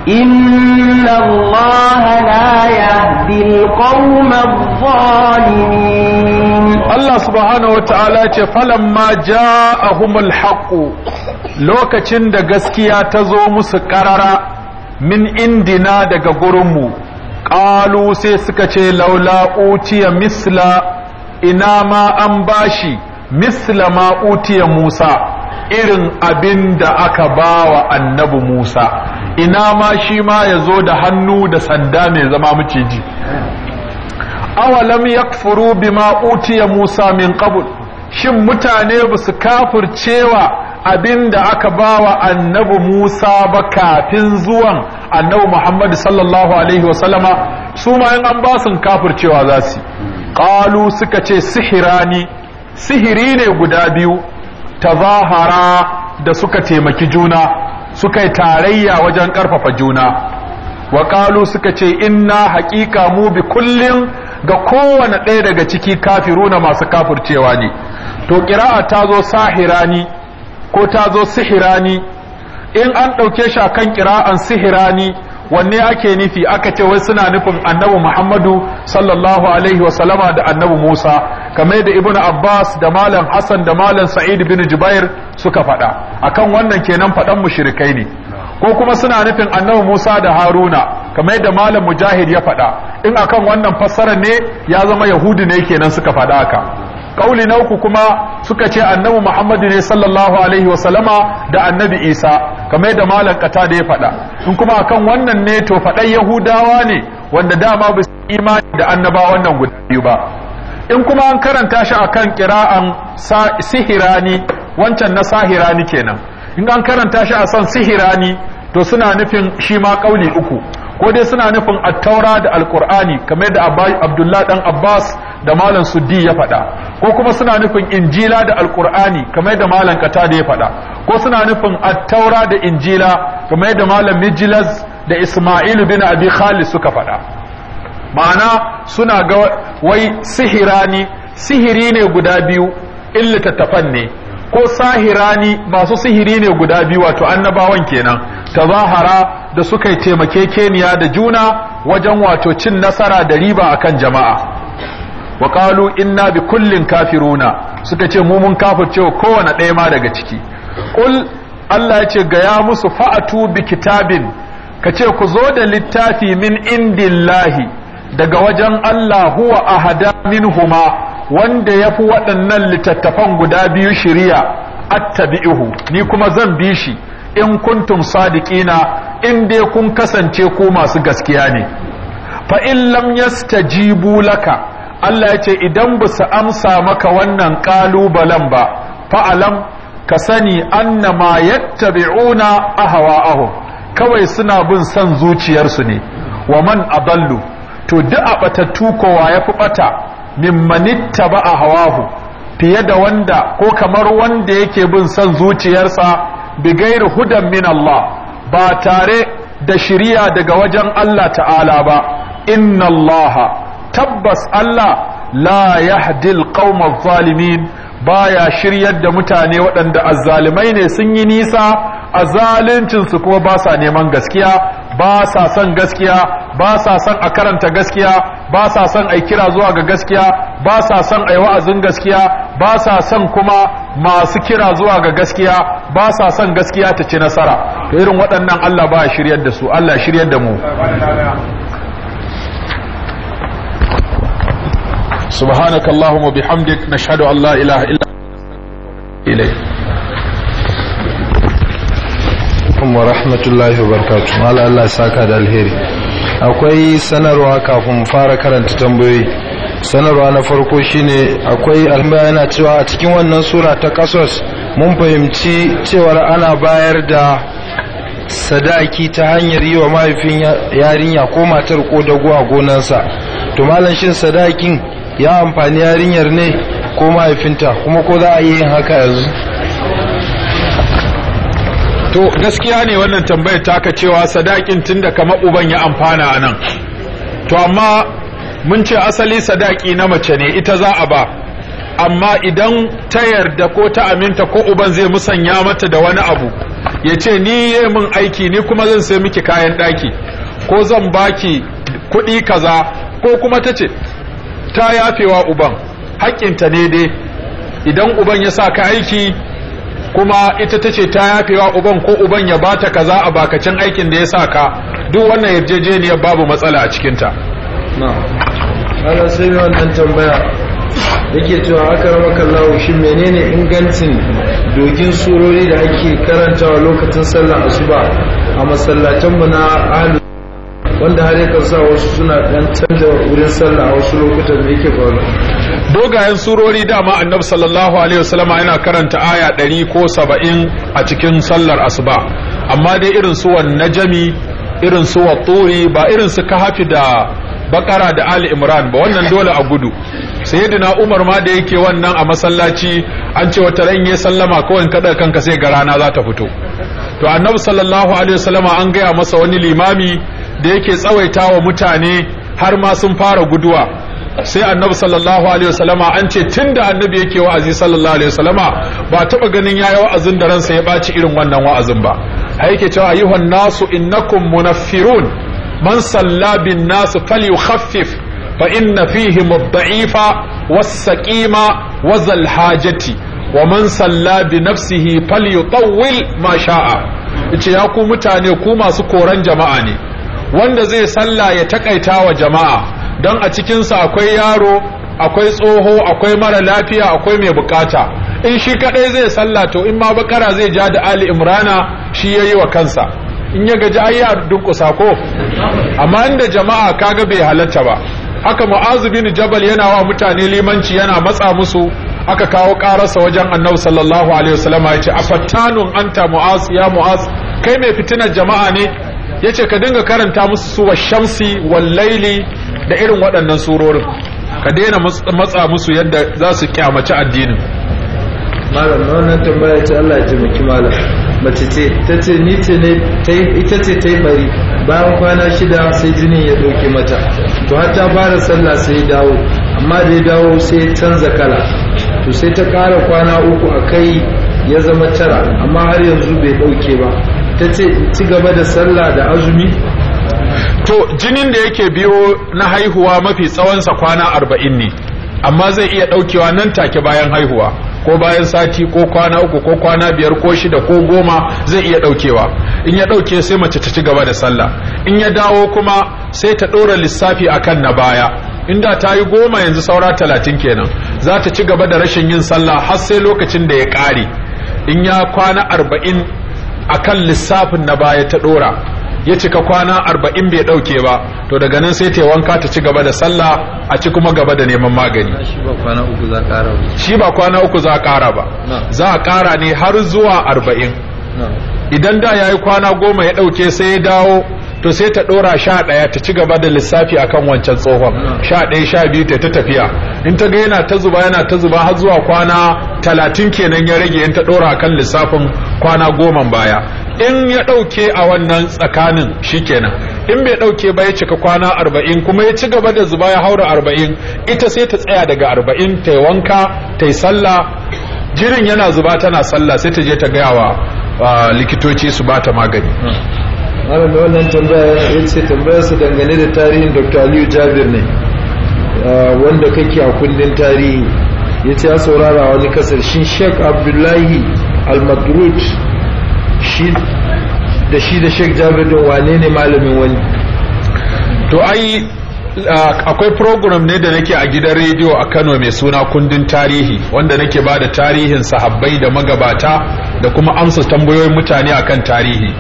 إن الله لا يهدي القوم الظالمين الله سبحانه وتعالى فلما جاءهم الحق lokacin da gaskiya ta zo musu ƙarara min indina daga gurinmu ƙalu sai suka ce laula misla ina ma an bashi misla ma utiya Musa irin abin da aka ba wa annabi Musa ina ma shi ma ya zo da hannu da sanda mai zama maciji awalam yakfuru bima utiya Musa min qabl shin mutane ba su kafircewa abin da aka ba wa annabi Musa ba kafin zuwan annabi Muhammad sallallahu alaihi wasallama su ma in an ba su kafircewa za su qalu suka ce sihirani sihiri ne guda biyu tazahara da suka taimaki juna suka yi tarayya wajen karfafa juna wa qalu suka ce inna haqiqa mu bi kullin ga kowane ɗaya daga ciki kafiruna masu kafircewa ne to ƙira'a ta zo sahirani ko ta zo sihirani in an ɗauke shi akan ƙira'an sihirani wanne ake nufi aka ce wai suna nufin annabi muhammadu sallallahu alaihi wa sallama da annabi musa kamar da ibn abbas da malam hassan da malam sa'id bin jubair suka faɗa akan wannan kenan faɗan mushrikai ne ko kuma suna nufin annabi musa da haruna kamar da malam mujahid ya faɗa in akan wannan fassara ne ya zama yahudi ne kenan suka faɗa haka kauli na uku kuma suka ce annabi muhammadu ne sallallahu alaihi wa salama da annabi isa kamar da malam kata da ya faɗa in kuma akan wannan ne to faɗan yahudawa ne wanda dama basu su imani da annaba wannan guda biyu ba in kuma an karanta shi akan kira'an sihirani wancan na sahirani kenan in an karanta shi a san sihirani to suna nufin shi ma kauli uku ko dai suna nufin taura da alkur'ani kamar da abdullahi dan abbas da malam suddi ya faɗa ko kuma suna nufin injila da alkur'ani kamar da malam kata da ya faɗa ko suna nufin attaura da injila kamar da malam mijilas da isma'il bin abi khalid suka faɗa ma'ana suna ga wai sihirani sihiri ne guda biyu in littattafan ne ko sahirani masu sihiri ne guda biyu wato annabawan kenan tazahara da suka yi taimakekeniya da juna wajen wato cin nasara da riba akan jama'a wa qalu inna bi kullin kafiruna suka ce mu mun kafircewa kowane ɗaya ma daga ciki ƙul Allah ya ce gaya musu fa'atu bi kitabin ka ce ku zo da littafi min indillahi daga wajen Allah huwa ahada minhuma wanda yafi fi waɗannan littattafan guda biyu shiriya attabi'uhu ni kuma zan bi shi in kuntum sadiqina in dai kun kasance ku masu gaskiya ne fa in lam yastajibu laka Allah ya ce idan ba su amsa maka wannan ƙalubalen ba fa'alam ka sani annama yattabi'una aho. kawai suna bin son zuciyarsu ne wa man adallu to duk a batattu kowa ya fi bata mimman ittaba'a hawahu fiye da wanda ko kamar wanda yake bin son zuciyarsa bigairu hudan min Allah ba tare da shiriya daga wajen Allah ta'ala ba inna Allah tabbas Allah la kauma qaumal zalimin baya shiryar da mutane waɗanda azzalimai ne sun yi nisa a zaluncinsu kuma ba sa neman gaskiya ba sa son gaskiya ba sa son a karanta gaskiya ba sa son a kira zuwa ga gaskiya ba sa son a yi wa'azin gaskiya ba sa son kuma masu kira zuwa ga gaskiya ba sa son gaskiya ta ci nasara to irin waɗannan Allah ba shiryar da su Allah shiryar da mu سبحانك اللهم وبحمدك نشهد ان لا إله إلا إليه ورحمة الله وبركاته على الله ساكا دا الهيري akwai sanarwa kafin fara karanta tambayoyi sanarwa na farko shine akwai alhamdulillah yana cewa a cikin wannan sura ta kasos mun fahimci cewar ana bayar da sadaki ta hanyar yi wa mahaifin yarinya ko matar ko dago a gonansa to malam shin sadakin ya amfani yarinyar ne ko mahaifinta kuma ko za a yi yin haka yanzu to gaskiya ne wannan tambayar taka cewa sadakin tun da kamar uban ya amfana a nan to amma mun ce asali sadaki na mace ne ita za a ba amma idan ta yarda ko ta aminta ko uban zai musanya mata da wani abu ya ce ni yi mun aiki ni kuma zan sai miki kayan ɗaki ko zan baki kuɗi kaza ko kuma ta ce ta yafewa uban haƙƙinta ne dai idan uban ya sa ka aiki kuma ita ta ce ta yafewa uban ko uban ya bata kaza a bakacin aikin da ya sa ka duk wannan yarjejeniyar babu matsala a cikinta ana sai wannan tambaya yake cewa aka rama kallawo shi menene ingancin dokin surori da ake karantawa lokacin sallar asuba a masallatanmu na ahlus wanda har yakan sa wasu suna dan canza wurin sallah a wasu lokutan da yake faru dogayen surori dama annabi sallallahu alaihi wasallama yana karanta aya 100 ko 70 a cikin sallar asuba amma dai irin su wan najmi irin su wa turi ba irin su kahafi da bakara da ali imran ba wannan dole a gudu sayyidina umar ma da yake wannan a masallaci an ce wata ran ya sallama kawai kada kanka sai ga rana za ta fito to annabi sallallahu alaihi wasallama an gaya masa wani limami da yake tsawaita wa mutane har ma sun fara guduwa sai annabi sallallahu alaihi wasallama an ce tunda annabi yake wa'azi sallallahu alaihi wasallama ba taba ganin yayi wa'azin da ransa ya baci irin wannan wa'azin ba har yake cewa ayyuhan nasu innakum munaffirun man salla bin nasu falyukhaffif fa inna fihi mudda'ifa daifa was-saqima hajati wa man salla bi nafsihi falyutawwil ma sha'a yace ya ku mutane ku masu koran jama'a ne wanda zai salla ya takaita wa jama'a don a cikinsa akwai yaro akwai tsoho akwai mara lafiya akwai mai bukata in shi kadai zai salla to in ma bakara zai ja da ali imrana shi yayi wa kansa in ya gaji ayya ya dunkusa ko amma inda jama'a kaga bai halatta ba haka mu'azu bin jabal yana wa mutane limanci yana matsa musu aka kawo karasa wajen annabi sallallahu alaihi wasallam ya ce afattanun anta mu'az ya mu'az kai mai fitinar jama'a ne yace ka dinga karanta musu su wa shamsi wa laili da irin waɗannan surorin ka daina matsa musu yadda za su kyamaci addinin malam na wannan tambaya ce Allah ya taimaki malam mace ce ta ce ni ce ne ita ce ta yi bayan kwana shida sai jini ya ɗauke mata to har ta fara sallah sai ya dawo amma da ya dawo sai canza kala to sai ta kara kwana uku a kai ya zama tara amma har yanzu bai ɗauke ba ta ce ci gaba da sallah da azumi to jinin da yake biyo na haihuwa mafi tsawonsa kwana arba'in ne amma zai iya ɗaukewa nan take bayan haihuwa ko bayan sati ko kwana uku ko kwana biyar ko shida ko goma zai iya ɗaukewa in ya ɗauke sai mace ta ci gaba da sallah in ya dawo kuma sai ta ɗora lissafi akan na baya inda ta yi goma yanzu saura talatin kenan za ta ci gaba da rashin yin sallah har sai lokacin da ya ƙare in ya kwana arba'in a kan lissafin na baya ta ɗora ya cika kwana arba'in bai ɗauke ba to daga nan sai ta wanka ta ci gaba da sallah a ci kuma gaba da neman magani shi ba kwana uku za a kara ba za a kara ne har zuwa arba'in idan da ya yi kwana goma ya ɗauke sai ya dawo to sai ta ɗora sha ɗaya ta ci gaba da lissafi akan wancan tsohon sha ɗaya sha biyu ta tafiya in ta ga yana ta zuba yana ta zuba har zuwa kwana talatin kenan ya rage in ta ɗora akan lissafin kwana goma baya in ya ɗauke a wannan tsakanin shi kenan in bai ɗauke ba ya cika kwana arba'in kuma ya ci gaba da zuba ya haura arba'in ita sai ta tsaya daga arba'in ta yi wanka ta yi sallah jirin yana zuba tana sallah sai ta je ta gaya wa ah, likitoci su ba ta magani malam wannan tambaya ya ce tambayar su dangane da tarihin dr aliyu jabir ne ah, wanda kake a kundin tarihi ya ce ya saurara wani kasar shi sheik abdullahi al da shi da sheik jabir din wane ne malamin wani to ai akwai program ne da nake a gidan rediyo a kano mai suna kundin tarihi wanda nake ba da tarihin sahabbai da magabata da kuma amsa tambayoyin mutane akan tarihi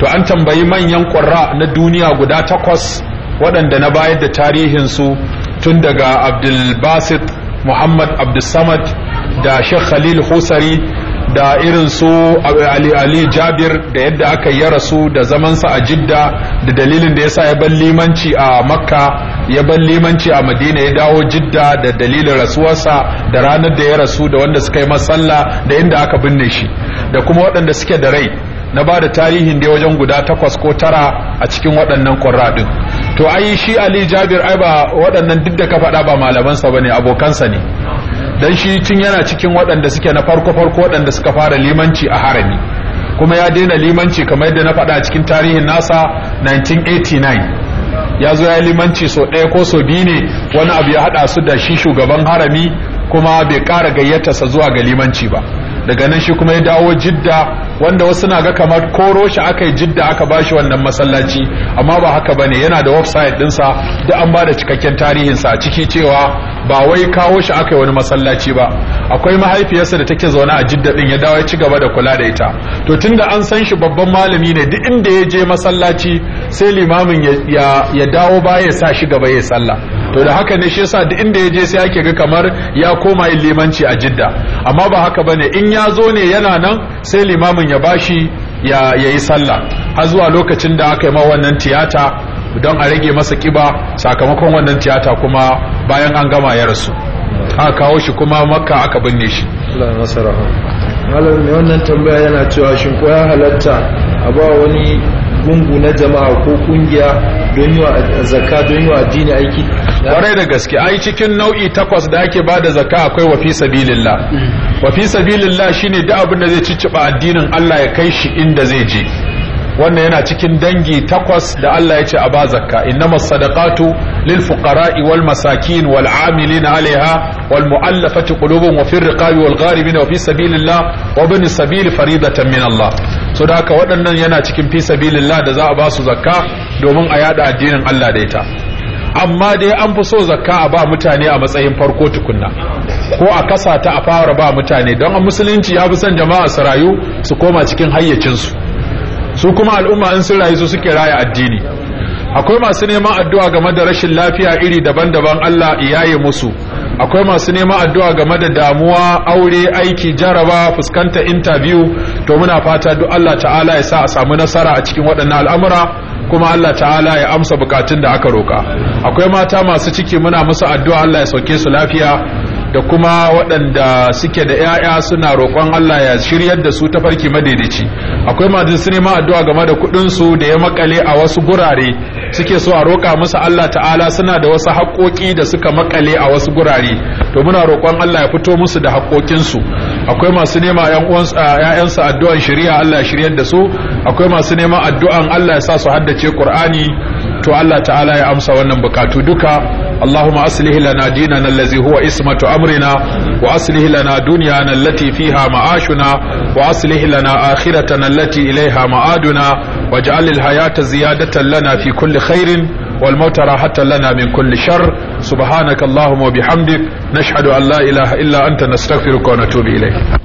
to an tambayi manyan ƙwarra na duniya guda takwas waɗanda na bayar da tarihinsu tun daga abdulbasit muhammad abdulsamad da sheikh khalil husari da irin su ali ali jabir da yadda aka yi rasu da zamansa a jidda da dalilin da yasa ya bar limanci a makka ya bar limanci a madina ya dawo jidda da dalilin rasuwarsa da ranar da ya rasu da wanda suka yi masalla da inda aka binne shi da kuma waɗanda suke da rai na ba da tarihin da wajen guda takwas ko tara a cikin waɗannan ƙwarraɗin to ai shi ali jabir ai ba waɗannan duk da ka faɗa ba malamansa ba ne abokansa ne Don shi tun yana cikin waɗanda suke na farko farko waɗanda suka fara limanci a harami kuma ya daina limanci kamar yadda na faɗa a cikin tarihin nasa 1989 ya zo ya limanci sau ɗaya ko sau biyu ne wani abu ya haɗa su da shi shugaban harami kuma bai ƙara gayyatarsa zuwa ga limanci ba daga nan shi kuma ya dawo jidda wanda wasu na ga kamar koro shi aka yi jidda aka ba shi wannan masallaci amma ba haka bane yana da website dinsa da an ba da cikakken tarihinsa a ciki cewa ba wai kawo shi aka yi wani masallaci ba akwai mahaifiyarsa da take zaune a jidda din ya dawo ya ci gaba da kula da ita to tunda an san shi babban malami ne duk inda ya je masallaci sai limamin ya dawo baya ya sa shi gaba ya sallah to da haka ne shi yasa duk inda ya je sai ake ga kamar ya koma yin limanci a jidda amma ba haka bane in ya zo ne yana nan sai limamin ya bashi ya yi sallah har zuwa lokacin da aka yi ma wannan tiyata don a rage masa kiba sakamakon wannan tiyata kuma bayan an gama ya rasu aka kawo shi kuma makka aka binne shi mai wannan tambaya yana cewa shin ko ya halatta a ba wani gungu na jama'a ko kungiya don yi wa zakka don yi wa addini aiki kwarai da gaske ai cikin nau'i takwas da ake bada zaka akwai wa fi sabilillah mm. wa fi sabilillah shine duk abin da zai cicciba addinin Allah ya kai shi inda zai je wannan yana cikin dangi takwas da Allah ya ce a ba zakka inna sadaqatu lil fuqara'i wal masakin wal amilin alaiha wal mu'allafati qulubuhum wa fir riqabi wal gharibin wa fi sabilillah wa bin sabil faridatan min Allah so da haka waɗannan yana cikin fi sabilillah da za a ba su zakka domin a yada addinin Allah da ita amma dai an fi so zakka a ba mutane a matsayin farko tukunna ko a kasa ta a fara ba mutane don a musulunci ya fi son jama'a su rayu su koma cikin hayyacinsu su kuma al'umma in sun rayu su suke raya addini akwai masu neman addu'a game da rashin lafiya iri daban-daban Allah yi musu akwai masu neman addu'a game da damuwa aure aiki jaraba fuskanta interview to muna fata duk Allah ta'ala ya sa a samu nasara a cikin waɗannan al'amura kuma Allah ta'ala ya amsa bukatun da aka roka akwai mata masu ciki muna musu addu'a Allah ya sauke su lafiya da kuma waɗanda suke da ‘ya'ya suna roƙon Allah ya shiryar da su ta farki madaidaici akwai masu neman addu'a game da kuɗinsu da ya makale a wasu gurare suke so a roƙa musu Allah ta'ala suna da wasu haƙoƙi da suka makale a wasu gurare to muna roƙon Allah ya fito musu da haƙoƙinsu akwai masu nema su addu'an shari'a Allah ya shiryar da su akwai masu neman addu'an Allah ya sa su haddace Qur'ani to Allah ta'ala ya amsa wannan bukatu duka Allahumma aslih lana dinana allazi huwa ismatu amrina wa aslih lana dunyana allati fiha ma'ashuna wa aslih lana akhiratana allati ilaiha ma'aduna waj'al al-hayata ziyadatan lana fi kulli khairin والموت راحة لنا من كل شر سبحانك اللهم وبحمدك نشهد أن لا إله إلا أنت نستغفرك ونتوب إليك